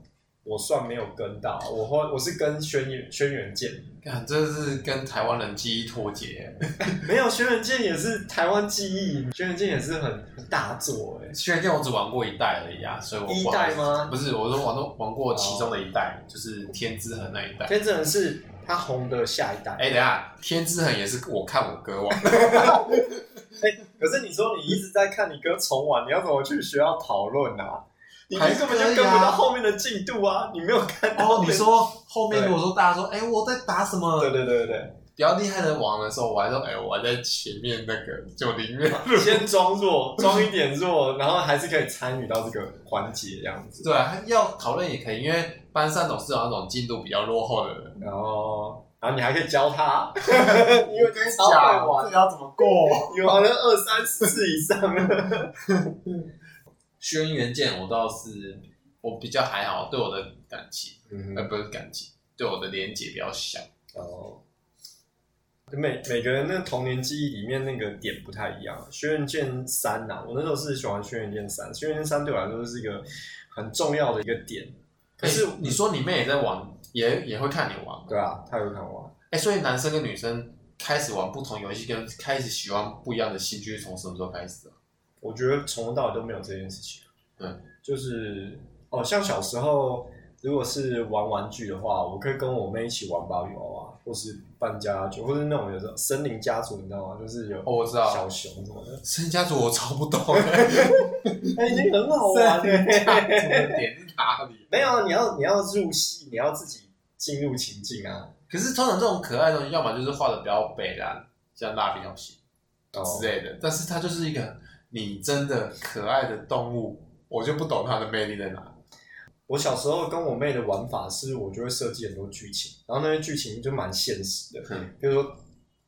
我算沒有跟到，我我我是跟軒轅軒轅劍，看這是跟台灣人記憶脫節， 沒有軒轅劍也是台灣記憶，軒轅劍也是很大作哎，軒轅劍我只玩過一代而已啊，所以我玩一代嗎？不是，我說玩都玩過其中的一代，哦、就是天之痕那一代。天之痕是他紅的下一代，哎、欸，等下天之痕也是我看我哥玩的，哎、 欸，可是你說你一直在看你哥重玩，你要怎麼去學校討論啊？你根本就跟不到後面的進度啊，啊！你沒有看哦？Oh, 你說後面，我說大家說，誒、欸、我在打什麼？對對對對對，比較厲害的王的時候，我還說，誒、欸、我還在前面那個九零秒，先裝弱，裝一點弱，然後還是可以參與到這個環節的樣子。對，啊要討論也可以，因為班上總是有那種進度比較落後的人，然後，然後你還可以教他，因為他是不會玩，不知道怎麼過， 你玩了二三十次以上了。 軒轅劍我倒是，我比較還好，對我的感情，嗯、而不是感情，對我的連接比較小。哦、嗯。每每個人那個童年記憶裡面那個點不太一樣。軒轅劍三吶、啊，我那時候是喜歡軒轅劍三，軒轅劍三對我來說是一個很重要的一個點。可是你說你妹也在玩，也也會看你玩。嗯、對啊，她也會看我玩。哎、欸，所以男生跟女生開始玩不同遊戲，跟開始喜歡不一樣的興趣，從什麼時候開始、啊？我覺得從頭到尾都沒有這件事情、嗯。就是哦，像小時候，如果是玩玩具的話，我可以跟我妹一起玩芭比娃娃，或是扮家家酒，或是那種有時候森林家族，你知道嗎？就是有哦，我知道小熊什麼的。森、哦、林家族我超不懂，哎、 欸，你很好玩。森林家族的點在哪裡？ 沒有，你要你要入戲，你要自己進入情境啊。可是通常這種可愛的東西，要麼就是畫的比較北然、啊，像蠟筆小新之類的、哦，但是它就是一個。你真的可愛的動物，我就不懂它的魅力在哪裡。我小時候跟我妹的玩法是，我就會設計很多劇情，然後那些劇情就蠻現實的，嗯，比如說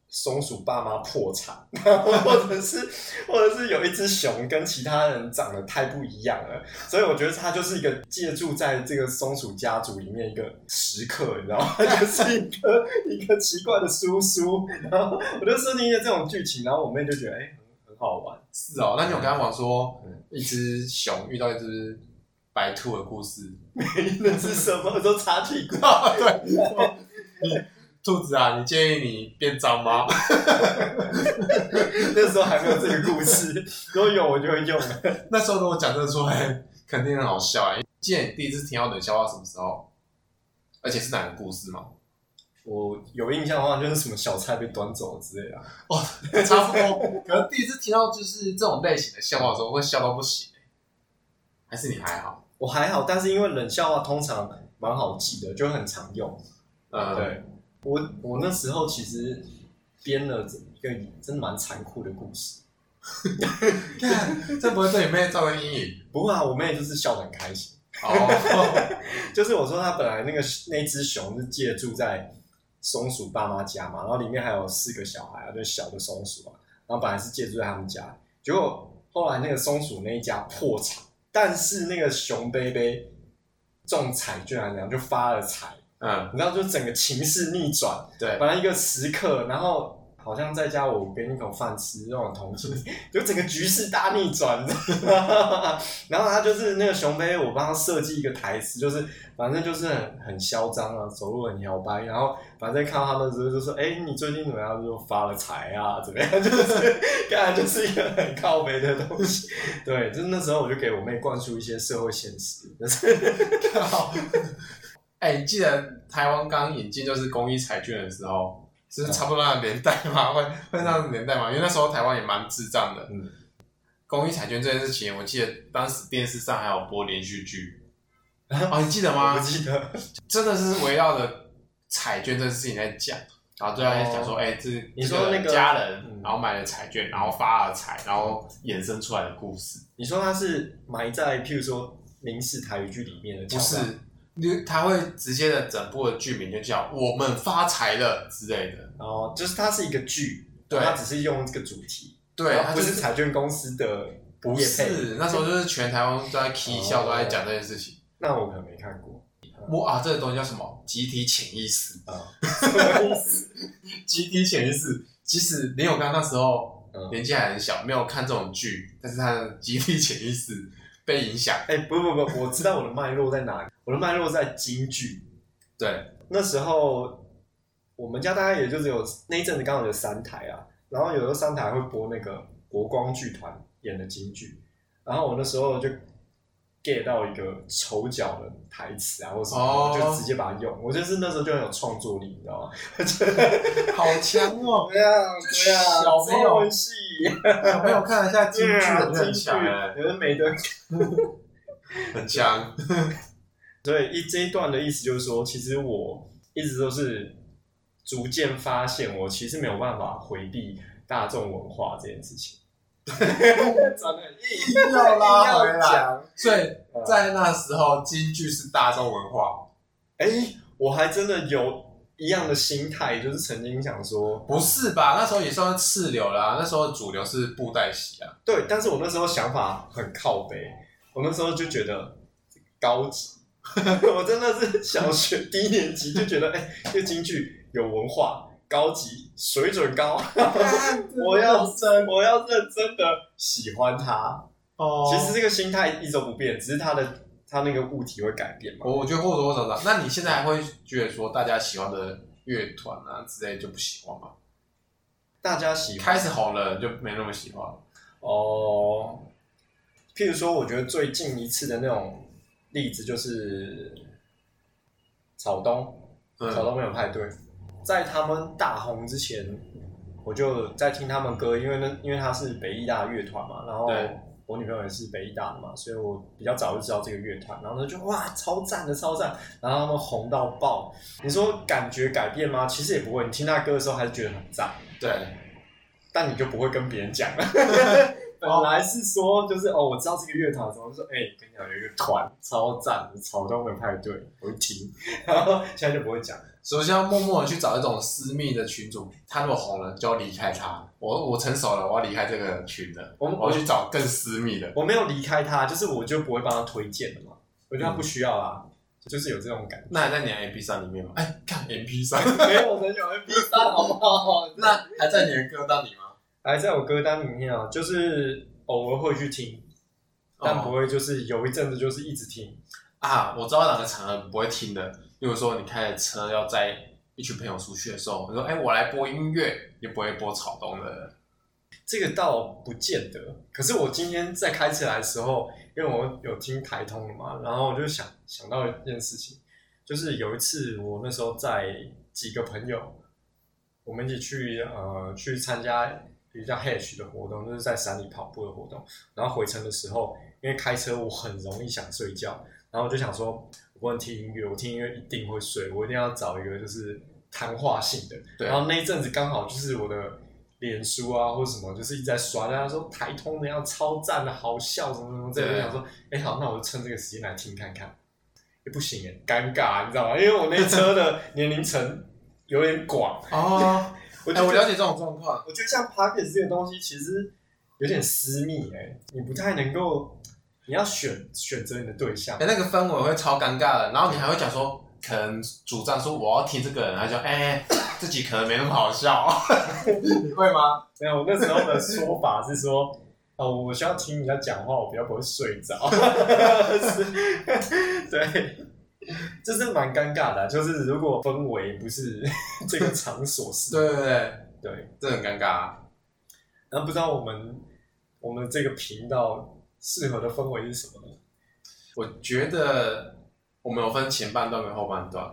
松鼠爸媽破產，然後或者是 或者是有一只熊跟其他人長得太不一樣了，所以我覺得它就是一個借住在這個松鼠家族裡面一個食客，你知道嗎？就是一個 一個奇怪的叔叔，然後我就設定一些這種劇情，然後我妹就覺得哎。欸好，好玩是哦，嗯、那你有跟他講說、嗯，一隻熊遇到一隻白兔的故事？那一什麼我都查聽過，對。你、 嗯、兔子啊，你建議你變髒嗎？ 那時候還沒有這個故事，如果 有我就會用。 那時候跟我這個講得出說肯定很好笑哎、欸。見你第一次聽要冷笑話什麼時候？而且是哪個故事嘛。我有印象的話，就是什麼小菜被端走之類的。哦，差不多。 可能第一次聽到就是這種類型的笑話的時候，會笑到不行。還是你還好，我還好，但是因為冷笑話通常蠻好記的，就很常用。呃、嗯，對，嗯、我我那時候其實編了一個真的蠻殘酷的故事。 看，這不會對你妹造成陰影？不會啊，我妹就是笑得很開心。哦， 就是我說她本來那個那隻熊是借住在，松鼠爸媽家嘛，然後裡面還有四個小孩啊，就小的松鼠啊。然後本來是借住在他們家，結果後來那個松鼠那一家破產，但是那個熊杯杯中彩券啊，那樣就發了財。嗯，你知道就整個情勢逆轉，對，本來一個食客，然後。好像在家我給你一口飯吃那種同事，就整個局勢大逆轉。呵呵，然後他就是那個熊杯，我幫他設計一個台詞，就是反正就是很很囂張啊，走路很搖擺。然後反正看到他的時候就說：“哎、欸，你最近怎麼樣？就發了財啊，怎麼樣？”就是，看 來就是一個很靠北的東西。對，就那時候我就給我妹灌輸一些社會現實。就是、好，哎、 欸，記得台灣剛引進就是公益彩券的時候。是，是差不多那年代嘛，會會那年代嘛，因為那時候台灣也蠻智障的、嗯。公益彩券這件事情，我記得當時電視上還有播連續劇。啊、哦，你記得嗎？我記得，真的是圍繞着彩券這件事情在講，然後最後在講說，哎、欸那個，這你說那個家人，然後買了彩券，然後發了財，然後衍生出來的故事。嗯、你說它是埋在譬如說，民視台語劇裡面的。不是。你他會直接的整部的劇名就叫“我們發財了”之類的，然、哦、就是它是一個劇，它只是用這個主題，對，它就是彩券公司的，不是那時候就是全台灣都在 k 笑、哦、都在講這件事情，對對對，那我可能沒看過，嗯、我啊，這個東西叫什麼？集體潛意識、嗯、 集體潛意識，即使林永剛那時候、嗯、年紀還很小，沒有看這種劇，但是他的集體潛意識。被影響？哎、欸，不不不，我知道我的脈絡在哪裡， 我的脈絡在京劇。對，那時候我們家大概也就只有那一陣子剛好有三台啊，然後有時候三台會播那個國光劇團演的京劇，然後我那時候就，借到一個丑角的台詞啊，或者什麼，oh. 我就直接把它用。我就是那時候就很有創作力，你知道嗎？ 好強強哦！ 小朋友戲，小朋友 小貓 看一下京劇、啊，很強哎， 有的沒的沒， 很強強。 所以一這一段的意思就是說，其實我一直都是逐漸發現，我其實沒有辦法回避大眾文化這件事情。哈哈哈哈哈！硬要拉回來，所以在那時候，京、嗯、劇是大眾文化。誒、欸，我還真的有一樣的心態，就是曾經想說，不是吧？那時候也算是次流啦、啊。那時候主流是布袋戲啊。對，但是我那時候想法很靠北，我那時候就覺得高級。 我真的是小學低 年級就覺得，誒、欸，因為京劇有文化。高級水準高， 我要真、啊、真我要認真的喜歡他哦。其實這個心態一直都不變，只是他的他那個物體會改變，哦。我覺得或多或少的。那你現在還會覺得說大家喜歡的樂團啊之類就不喜歡嗎？大家喜歡、開始紅了就沒那麼喜歡哦。譬如說，我覺得最近一次的那種例子就是草東，草東沒有派對。嗯在他們大紅之前，我就在聽他們歌，因為呢，因為他是北藝大樂團嘛，然後我女朋友也是北藝大的嘛，所以我比較早就知道這個樂團，然後呢就哇超讚的超讚，然後他們紅到爆，你說感覺改變嗎？其實也不會，你聽他歌的時候還是覺得很讚、嗯，對，但你就不會跟別人講了。 本來是說、oh. 就是哦，我知道這個樂團，然後就說哎、欸，跟你講有一個團超讚，草東的派對，我一聽，然後現在就不會講首先要默默地去找一種私密的群組，他如果紅了就要離開他。我我成熟了，我要離開這個群的。我我去找更私密的。我沒有離開他，就是我就不會幫他推薦了嘛。我覺得他不需要啦、嗯，就是有這種感覺。那還在你的 M P 三裡面嗎？哎、欸，看 M P 三，MP3、 沒有，人有 M P 三，好不好？ 那還在你的歌單裡嗎？還在我歌單裡面哦、喔。就是偶爾會去聽，但不會就是有一陣子就是一直聽、哦、啊。我知道哪個場合不會聽的。比如說，你開着車要載一群朋友出去的時候，你說：“哎、欸，我來播音樂，也不會播草東的。”這個倒不見得。可是我今天在開車來的時候，因為我有聽台通了嘛，然後我就想，想到一件事情，就是有一次我那時候在幾個朋友，我們一起去呃，去參加比如 Hash 的活動，就是在山裡跑步的活動。然後回程的時候，因為開車我很容易想睡覺，然後我就想說。不能聽音樂，我聽音樂一定會睡。我一定要找一個就是談話性的。啊、然後那一陣子剛好就是我的臉書啊，或者什麼，就是一直在刷，大家說台通怎樣超讚的，好笑什麼什麼。這我就想說，哎、欸，好，那我就趁這個時間來聽看看。哎、欸，不行哎，尷尬、啊，你知道嗎？因為我那車的年齡層 有點廣廣。 哦、啊我哎。我了解這種狀況。我覺得像 Podcast 這個東西，其實有點私密哎、嗯，你不太能夠。你要選選擇你的對象，欸、那個氛圍會超尷尬的。然後你還會講說、嗯，可能主張說我要聽這個人，他就哎、欸，自己可能沒那麼好笑， 你會嗎？沒有，我那時候的說法是說，哦、呃，我需要聽人家講話，我比較不會睡着。 對，這、就是蠻尷尬的、啊。就是如果氛圍不是這個場所是，是 對對對，對這很尷尬。然後不知道我們我們這個頻道。適合的氛圍是什麼呢？我覺得我們有分前半段跟後半段，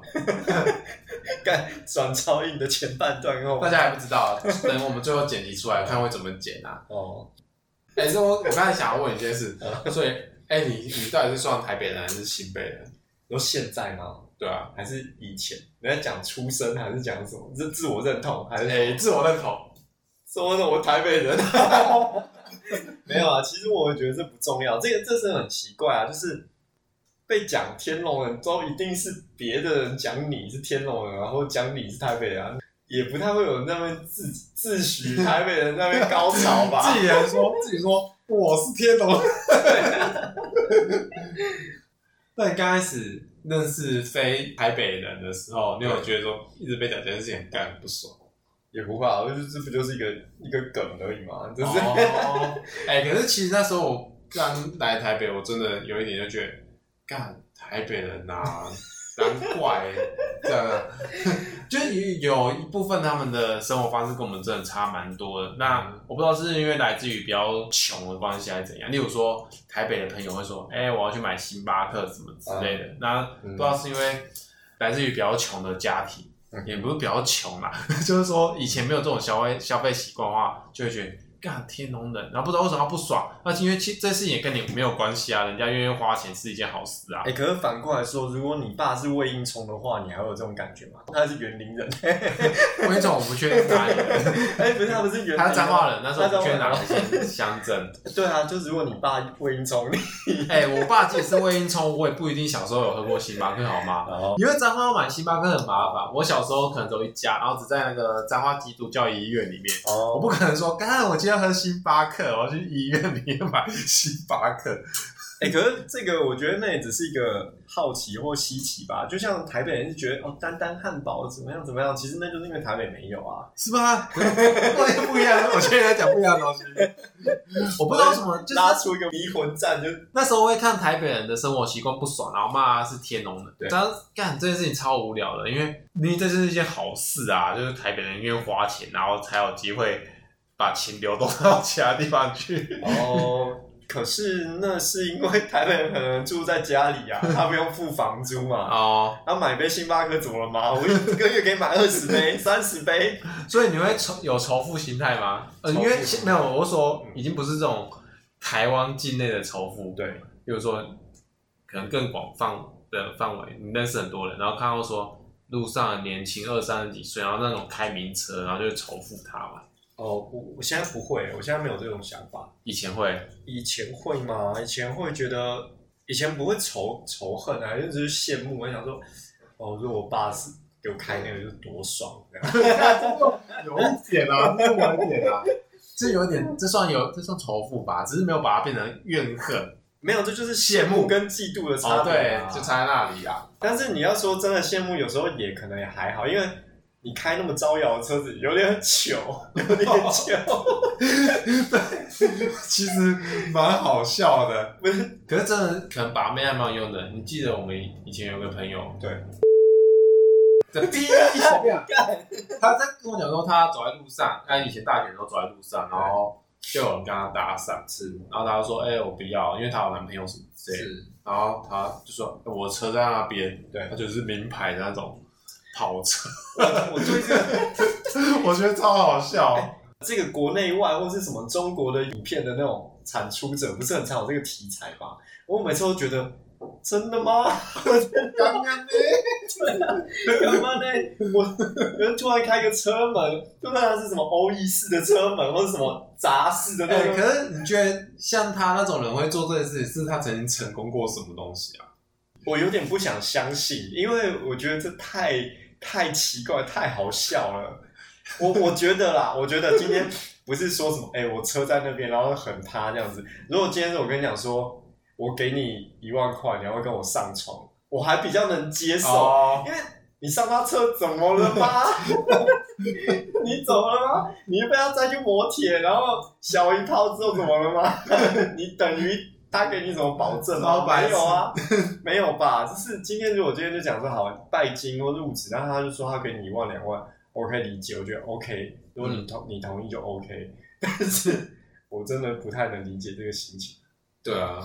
干 轉 超硬的前半段後，然後大家還不知道，等我們最後剪輯出來 看會怎麼剪啊？哦，哎、欸，是我剛才想要問一件事， 所以哎、欸，你你到底是算台北人還是新北人？你 說現在嗎？對啊，還是以前？你在講出生還是講什麼？是自我認同還是自我認同？欸自我認同欸、自我認同說我我台北人。 沒有啊，其實我覺得這不重要。這個這是很奇怪啊，就是被講天龍人都一定是別的人講你是天龍人，然後講你是台北人，啊，也不太會有那邊自自詡台北人那邊高潮吧？ 自、己自己說自己說我是天龍人。 那你剛開始認識非台北人的時候， 你有、沒有覺得說一直被講這件事情，幹、很不爽？也不怕，就是這不就是一個一個梗而已嘛，就是，哎，可是其實那時候我剛來台北，我真的有一點就覺得，幹台北人吶、啊，難 怪這樣、啊，就是有一部分他們的生活方式跟我們真的差蠻多的。那我不知道是因為來自於比較窮的關係還是怎樣，例如說台北的朋友會說，哎、欸，我要去買星巴克什麼之類的，嗯、那不知道是因為來自於比較窮的家庭。也不是比較窮啦，就是說以前沒有這種消費消費習慣的話，就會覺得。幹天龍人，然後不知道為什麼他不爽，那今天這事情也跟你沒有關係啊，人家願意花錢是一件好事啊。哎、欸，可是反過來說，如果你爸是魏應充的話，你還會有這種感覺嗎？他是員林人，嘿嘿嘿 魏應充我不確定哪裡人，哎、欸，不是他不是員林人，他是彰化人，那時候缺哪 是鄉鎮？對啊，就是如果你爸魏應充，哎、 欸，我爸也是魏應充，我也不一定小時候有喝過星巴克，好嗎？嗯、因為彰化要買星巴克很麻煩，我小時候可能走一家，然後只在那個彰化基督教醫院裡面、嗯，我不可能說，幹我今天。喝星巴克，我要去醫院裡面買星巴克。哎、欸，可是這個我覺得那也只是一個好奇或稀奇吧。就像台北人就覺得哦，單單漢堡怎麼樣怎麼樣，其實那就是因為台北沒有啊，是吧？ 不一樣， 我現在在講不一樣的東西。 我不知道什麼，拿、就是、出一個迷魂站、就是，就那時候我會看台北人的生活習慣不爽，然後罵他是天龍人。對，幹這件事情超無聊的，因為因為這是一件好事啊，就是台北人因為花錢，然後才有機會。把錢流動到其他地方去。哦、 oh， 可是那是因為台北人可能住在家裡啊，他不用付房租嘛。哦，那買一杯星巴克怎麼了嘛，我一個月可以買二十杯、三 十杯。所以你會仇有仇富心態嗎？嗯、 呃，因為沒有，我說已經不是這種台灣境內的仇富。對，比如說可能更廣泛的範圍，你認識很多人，然後看到說路上年輕二三十幾歲，然後那種開名車，然後就會仇富他嘛。哦，我我現在不會，我現在沒有這種想法。以前會，以前會嗎？以前會覺得，以前不會仇仇恨，啊，還是只是羨慕？我想說，哦，如果我爸是給我開那個，就多爽，啊。哈哈哈哈哈，有一點啊， 有一點啊，這有點，這算有，這算仇富吧？只是沒有把它變成怨恨，嗯，沒有，這就是羨慕跟嫉妒的差別，哦，對，就差在那裡啊。啊但是你要說真的羨慕，有時候也可能也還好，因為。你開那麼招搖的車子，有點糗，有點糗。但 其實蠻好笑的，可是真的是，可能把妹還蠻有有用的。你記得我們以前有個朋友，對，這逼，他跟 我講說，他走在路上，他以前大學的時候走在路上，然後就有人跟他搭訕，是，然後他就說：“哎、欸，我不要，因為他有男朋友什麼之類的。”是，然後他就說：“我車在那邊。”對，對，他就是名牌的那種。跑車， 我最近我覺得超好笑。 好笑欸、這個國內外或是什麼中國的影片的那種產出者，不是很常有這個題材吧？我每次都覺得，真的嗎？剛剛嘞，干嘛呢？我突然開個車門， 就算是什麼鷗翼式的車門，或是什麼雜事的那種。欸、可是你覺得像他那種人會做這件事情，是他曾經成功過什麼東西啊？我有點不想相信， 因為我覺得這太。太奇怪，太好笑了。我我覺得啦， 我覺得今天不是說什麼，哎、欸，我車在那邊，然後很塌這樣子。如果今天是我跟你講說，我給你一萬塊，你還會跟我上床，我還比較能接受。哦、因為你上他車怎麼了嗎？ 你怎麼了嗎？你又要再去磨鐵，然後小一炮之後怎麼了嗎？ 你等於。他給你什麼保證嗎、啊？沒有啊，沒有吧？就是今天，如果今天就講說好拜金或入職，然後他就說他給你一萬兩萬，我可以理解，我覺得 OK。如果你同你同意就 OK，但是我真的不太能理解這個心情。對啊，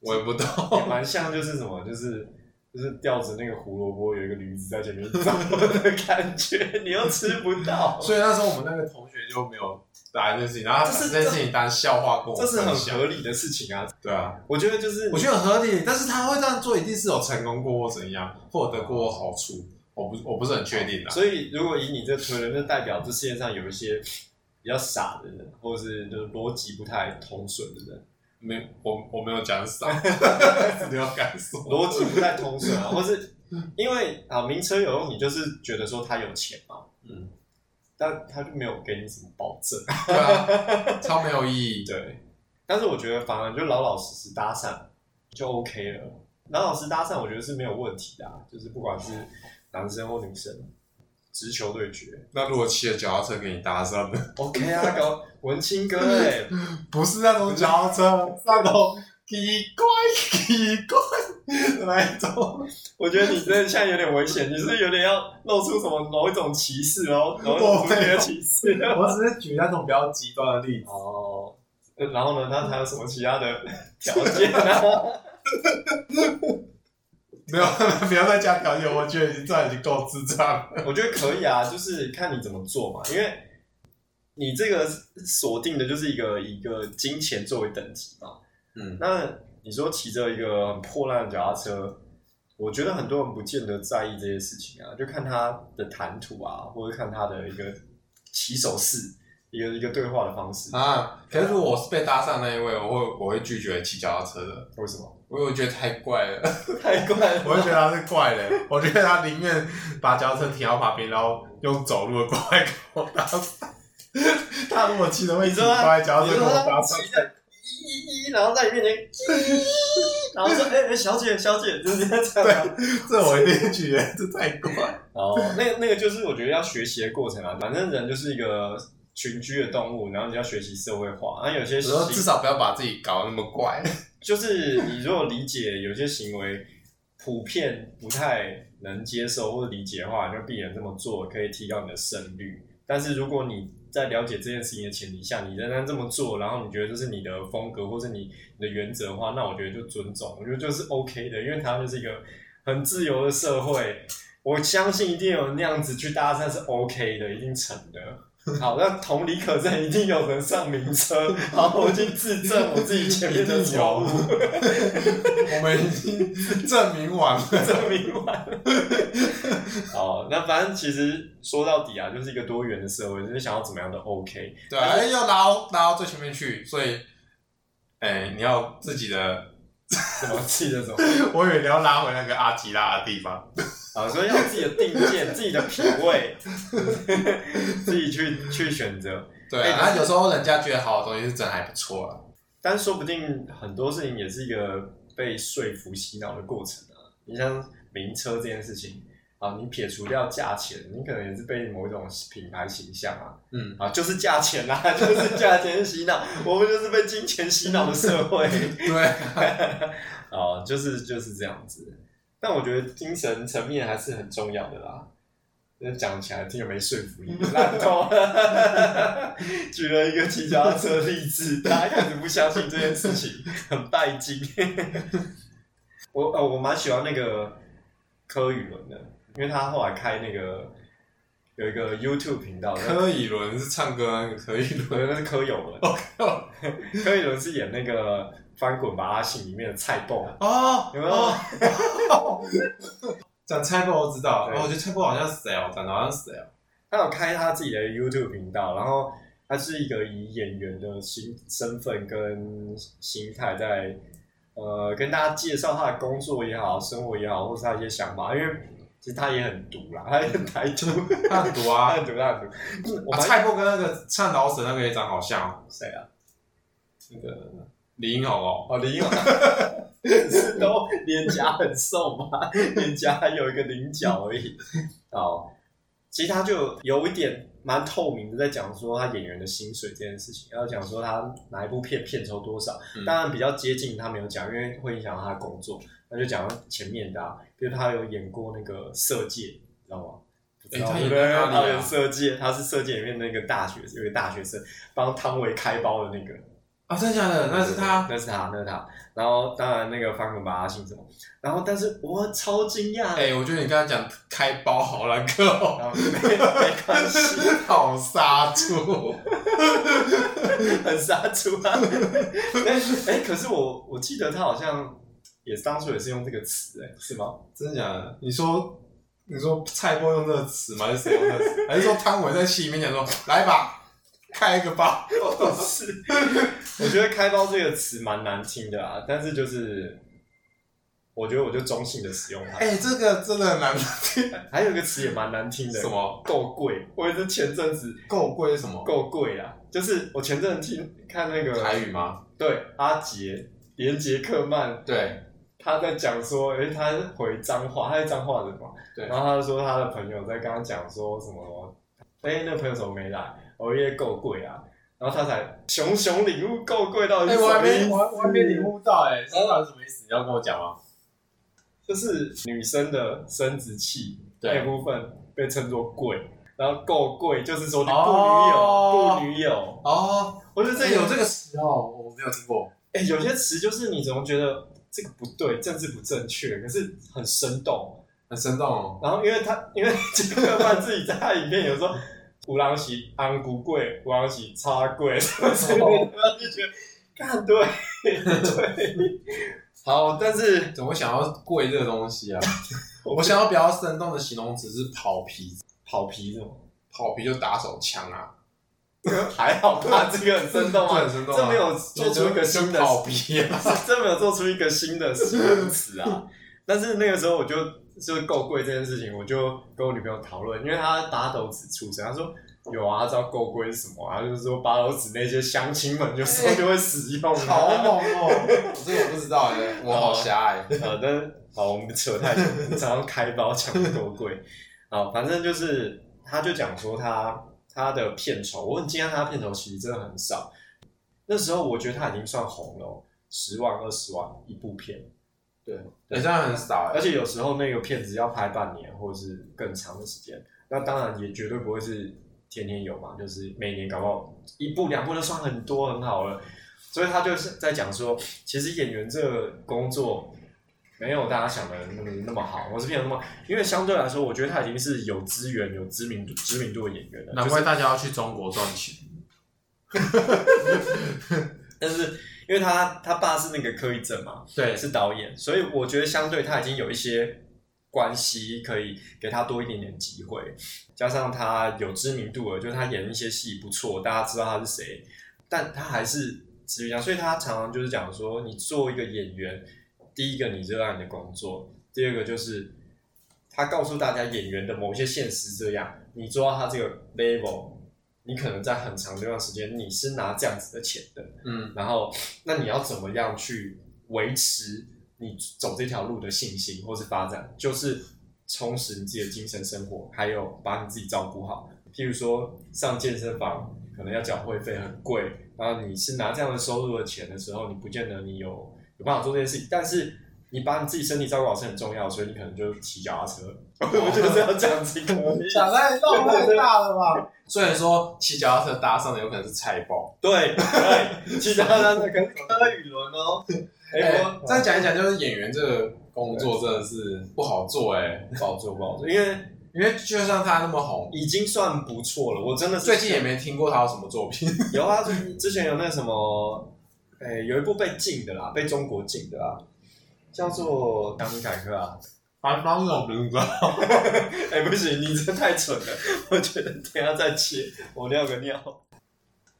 我也不懂，欸，蠻像就是什麼就是。就是吊着那個胡蘿蔔，有一個驢子在前面走的 感覺，你又吃不到。 所以那時候我們那個同學就沒有答應這件事情，然後他把這件事情當笑話過這。這是很合理的事情啊。對啊， 我覺得就是我覺得很合理，但是他會這樣做，一定是有成功過或怎樣，獲得過好處。我不，我不是很確定。 所以如果以你這推論，就代表，這世界上有一些比較傻的人，或者是就是邏輯不太通順的人。沒，我我沒有講啥，你 要敢說。邏輯不太通順，不 是因為啊，名車有用，你就是覺得說他有錢嘛，嗯，但他就沒有給你什麼保證，對啊， 超沒有意義，對。但是我覺得反而就老老實實搭訕就 OK 了，老老實搭訕我覺得是沒有問題的啊，就是不管是男生或女生，直球對決，那如果騎着腳踏車給你搭訕呢 ，OK 啊哥。 文青哥哎，欸， 不是那種腳踏車， 那種奇怪奇怪那種。我覺得你真的現在有點危險， 你是，不是有點要露出什麼某一種歧視，喔，某一種族歧視，喔我。我只是舉那種比較極端的例子。 哦，然後呢，他還有什麼其他的條件，啊 沒有？沒有，不要再加條件，我覺得你現在已經夠智障了。 我覺得可以啊，就是看你怎麼做嘛，因為。你這個鎖定的就是一個一個金錢作為等級啊。嗯，那你說騎着一個很破爛的腳踏車，我覺得很多人不見得在意這些事情啊，就看他的談吐啊，或者看他的一個起手式，一個一個對話的方式啊。可是我是被搭訕那一位，我會我會拒絕騎腳踏車的，為什麼？因為我覺得太怪了， 太怪了，我就覺得他是怪人， 我覺得他寧願把腳踏車停到旁邊，然後用走路的過來跟我搭訕。 他如果記得會出來，然後在你面前，然後說：“哎 哎、欸欸，小姐，小姐，就是這樣，這樣。”這我一定覺得 這太怪。然、oh, 後，那那個就是我覺得要學習的過程啊。反正人就是一個群居的動物，然後你要學習社會化。然後有些時候，至少不要把自己搞那麼怪。就是你如果理解有些行為普遍不太能接受或者理解的話，你就避免這麼做，可以提高你的勝率。但是如果你在了解這件事情的前提下，你仍然這麼做，然後你覺得這是你的風格或是你，你的原則的話，那我覺得就尊重，我覺得就是 OK 的，因為它就是一個很自由的社會，我相信一定有那樣子去搭訕是 OK 的，一定成的。好，那同理可證，一定有人上名車。好， 我已經自證我自己前面的腳。我們已經證明完了，證明完了。 好，那反正其實說到底啊，就是一個多元的社會，就是想要怎麼樣都 OK。對，要拉拉到最前面去，所以，哎、欸，你要自己的 怎麼自己的什麼？我以為你要拉回那個阿吉拉的地方。 所以要自己的定見， 自己的品味， 自己去去選擇。對啊，然、欸、後有時候人家覺得好的東西是真還不錯啊，但說不定很多事情也是一個被說服洗腦的過程啊。你像名車這件事情啊，你撇除掉價錢，你可能也是被某一種品牌形象啊，嗯啊，就是價錢啊，就是價錢洗腦， 我們就是被金錢洗腦的社會。 對、啊，哦、 啊，就是就是這樣子。但我覺得精神層面還是很重要的啦。講起來，聽着沒說服力，爛 爛透。 舉了一個騎腳踏車例子，大家一直不相信這件事情，很拜金、 呃。我我蠻喜歡那個柯宇倫的，因為他後來開那個。有一個 YouTube 頻道，柯以倫是唱歌那個柯以倫，那是柯有倫。 柯以倫是演那個翻滾吧《翻滾吧阿信》裡面的菜脯。哦，有沒有？講菜脯我知道，哦，我覺得菜脯好像是誰哦，長得好像誰哦。他有開他自己的 YouTube 頻道，然後他是一個以演員的形身份跟心態在呃跟大家介紹他的工作也好，生活也好，或是他一些想法，因為。其實他也很毒啦，他也很台毒，嗯、他很毒啊， 他很毒，他很毒。啊、我們蔡卓跟那個唱老沈那個也長好像。啊。誰啊？那個李英宏哦，李英宏、啊， 是都臉頰 很瘦嗎？臉頰還有一個稜角而已。 哦，其實他就有一點蠻透明的，在講說他演員的薪水這件事情，然後講說他哪一部片片酬多少。嗯，當然比較接近他沒有講，因為會影響他的工作。那就講前面的、啊，比如他有演過那個《色戒》，你知道嗎？欸、不知道、欸、他演《色戒》，他是《色戒》裡面那個大學，啊、一個大學生幫湯唯開包的那個啊，真的假的？那是他，那是他，那是他。然後，當然那個方文爸姓什麼？然後，但是我超驚訝、欸。哎、欸，我覺得你剛才講開包好難看哦。沒關係， 好殺豬出， 很殺豬出啊！哎 哎、欸欸，可是我我記得他好像。也是當初也是用這個詞哎，是嗎？真的假的？你說你說菜脯用這個詞嗎？還是用這個詞？還是說湯唯在戲裡面講說 來吧，開一個包？ 我，都吃 我覺得開包這個詞蠻難聽的啊，但是就是我覺得我就中性的使用它。哎、欸，這個真的很難聽。還有一個詞也蠻難聽的，什麼夠貴？我也得前陣子夠貴什麼？夠貴啊！就是我前陣子聽看那個台語嗎？對，阿杰連傑克曼對。他在講說，哎、欸，他回髒話，他在髒話什麼？然後他就說他的朋友在跟他講說什麼，誒、欸、那個朋友怎麼沒來？熬夜夠貴啊。然後他才熊熊領悟夠貴到底是什麼地步、欸？我還沒我還，我還沒領悟到哎、欸，他是什麼意思？你要跟我講嗎？就是女生的生殖器對那個、部分被稱作貴，然後夠貴就是說你雇女友雇、啊、女友哦、啊。我覺得這、欸、有這個詞哦、喔，我沒有聽過。誒、欸、有些詞就是你怎麼覺得？這個不對，政治不正確，可是很生動，很生動、哦。然後因為他，因為他因為金克萬自己在他裡面有說“虎狼席安不貴跪，虎狼席差跪”，所以我就覺得幹對對。對 好，但是怎麼想要貴這個東西啊？ 我想要比較生動的形容詞是“跑皮”，跑皮這種，跑皮就打手槍啊。還好吧，啊， 這個很生動啊，很生動啊，很這沒有做出一個新的，啊，這沒有做出一個新的詞啊。 但是那個時候我就就是夠貴這件事情，我就跟我女朋友討論，因為她八斗子出身，她說有啊，知道夠貴是什麼，啊，她就是說八斗子那些鄉親們就是，是欸，就會使用。好猛哦！ 我這個我不知道我好狹隘。好，呃呃、是 好，我們不扯太久，馬 上開包搶夠貴。啊， 反正就是她就講說她。他的片酬，我很驚訝，他的片酬其實真的很少。那時候我覺得他已經算紅了，十萬、二十萬一部片，對，也、欸、真的很少。而且有時候那個片子要拍半年或者是更長的時間，那當然也絕對不會是天天有嘛，就是每年搞不好一部兩部都算很多很好了。所以他就是在講說，其實演員這個工作。沒有大家想的那麼那麼好，我是騙得那麼好，因為相對來說，我覺得他已經是有資源、有知名度、知名度的演員了。難怪大家要去中國賺錢。 但是因為他他爸是那個柯一正嘛，對，是導演，所以我覺得相對他已經有一些關係，可以給他多一點點機會。加上他有知名度了，就是他演一些戲不錯，大家知道他是誰。但他還是所以他常常就是講說，你做一個演員。第一個，你熱愛你的工作；第二個，就是他告訴大家演員的某些現實是這樣。你做到他這個 level，你可能在很長一段時間你是拿這樣子的錢的。嗯。然後，那你要怎麼樣去維持你走這條路的信心，或是發展？就是充實你自己的精神生活，還有把你自己照顧好。譬如說，上健身房可能要繳會費很貴，然後你是拿這樣的收入的錢的時候，你不見得你有。有辦法做這件事情，但是你把你自己身體照顧好是很重要的，所以你可能就騎腳踏車。我覺得要講這個，講 太鬧太大了吧。雖然說騎腳踏車搭上的有可能是菜脯，對，騎腳 踏車可能車與輪哦。哎、 欸，再講一講，就是演員這個工作真的是不好做，欸，哎，不好做不好做， 因為因為就算他那麼紅，已經算不錯了。我真的最近也沒聽過他有什麼作品。 有啊，之前有那什麼。哎，有一部被禁的啦，被中國禁的啦，啊，叫做《唐明凱克》啊，反方我們吧？哎，不行，你這太蠢了，我覺得等一下再切，我尿個尿。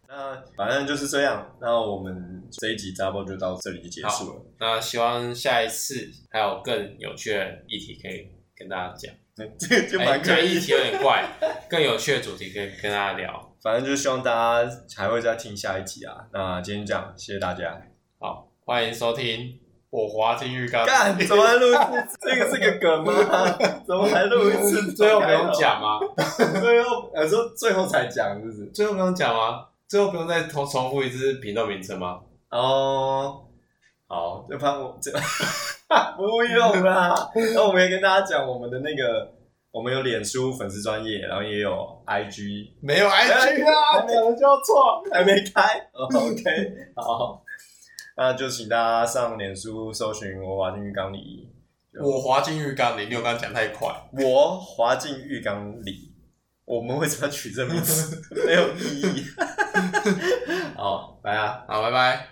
那反正就是這樣，那我們這一集扎 a 就到這裡就結束了。那希望下一次還有更有趣的議題可以跟大家講。嗯、這個就蠻這個議題有點怪，更有趣的主題可以跟大家聊。反正就是希望大家還會再聽下一集啊！那今天就這樣，謝謝大家。好，歡迎收聽我滑進浴缸。幹，怎麼還錄一次？ 這個是個梗嗎？怎麼還錄一次？ 最後沒有講嗎？最後，有時候最後才講，是不是？最後不用講嗎？最後不用再重重複一次頻道名稱嗎？哦、oh,，好，就怕我這 不用啦。那 我們也跟大家講我們的那個。我們有臉書粉絲專頁，然後也有 IG，沒有 IG 啊，沒、欸、有就錯，還沒開。 OK，好，那就請大家上臉書搜尋“我華進浴缸裡”。我華進浴缸裡，你剛剛講太快。我華進浴缸裡，我們為什麼要取這個名字？ 沒有意義。 好，來啊，好，拜拜。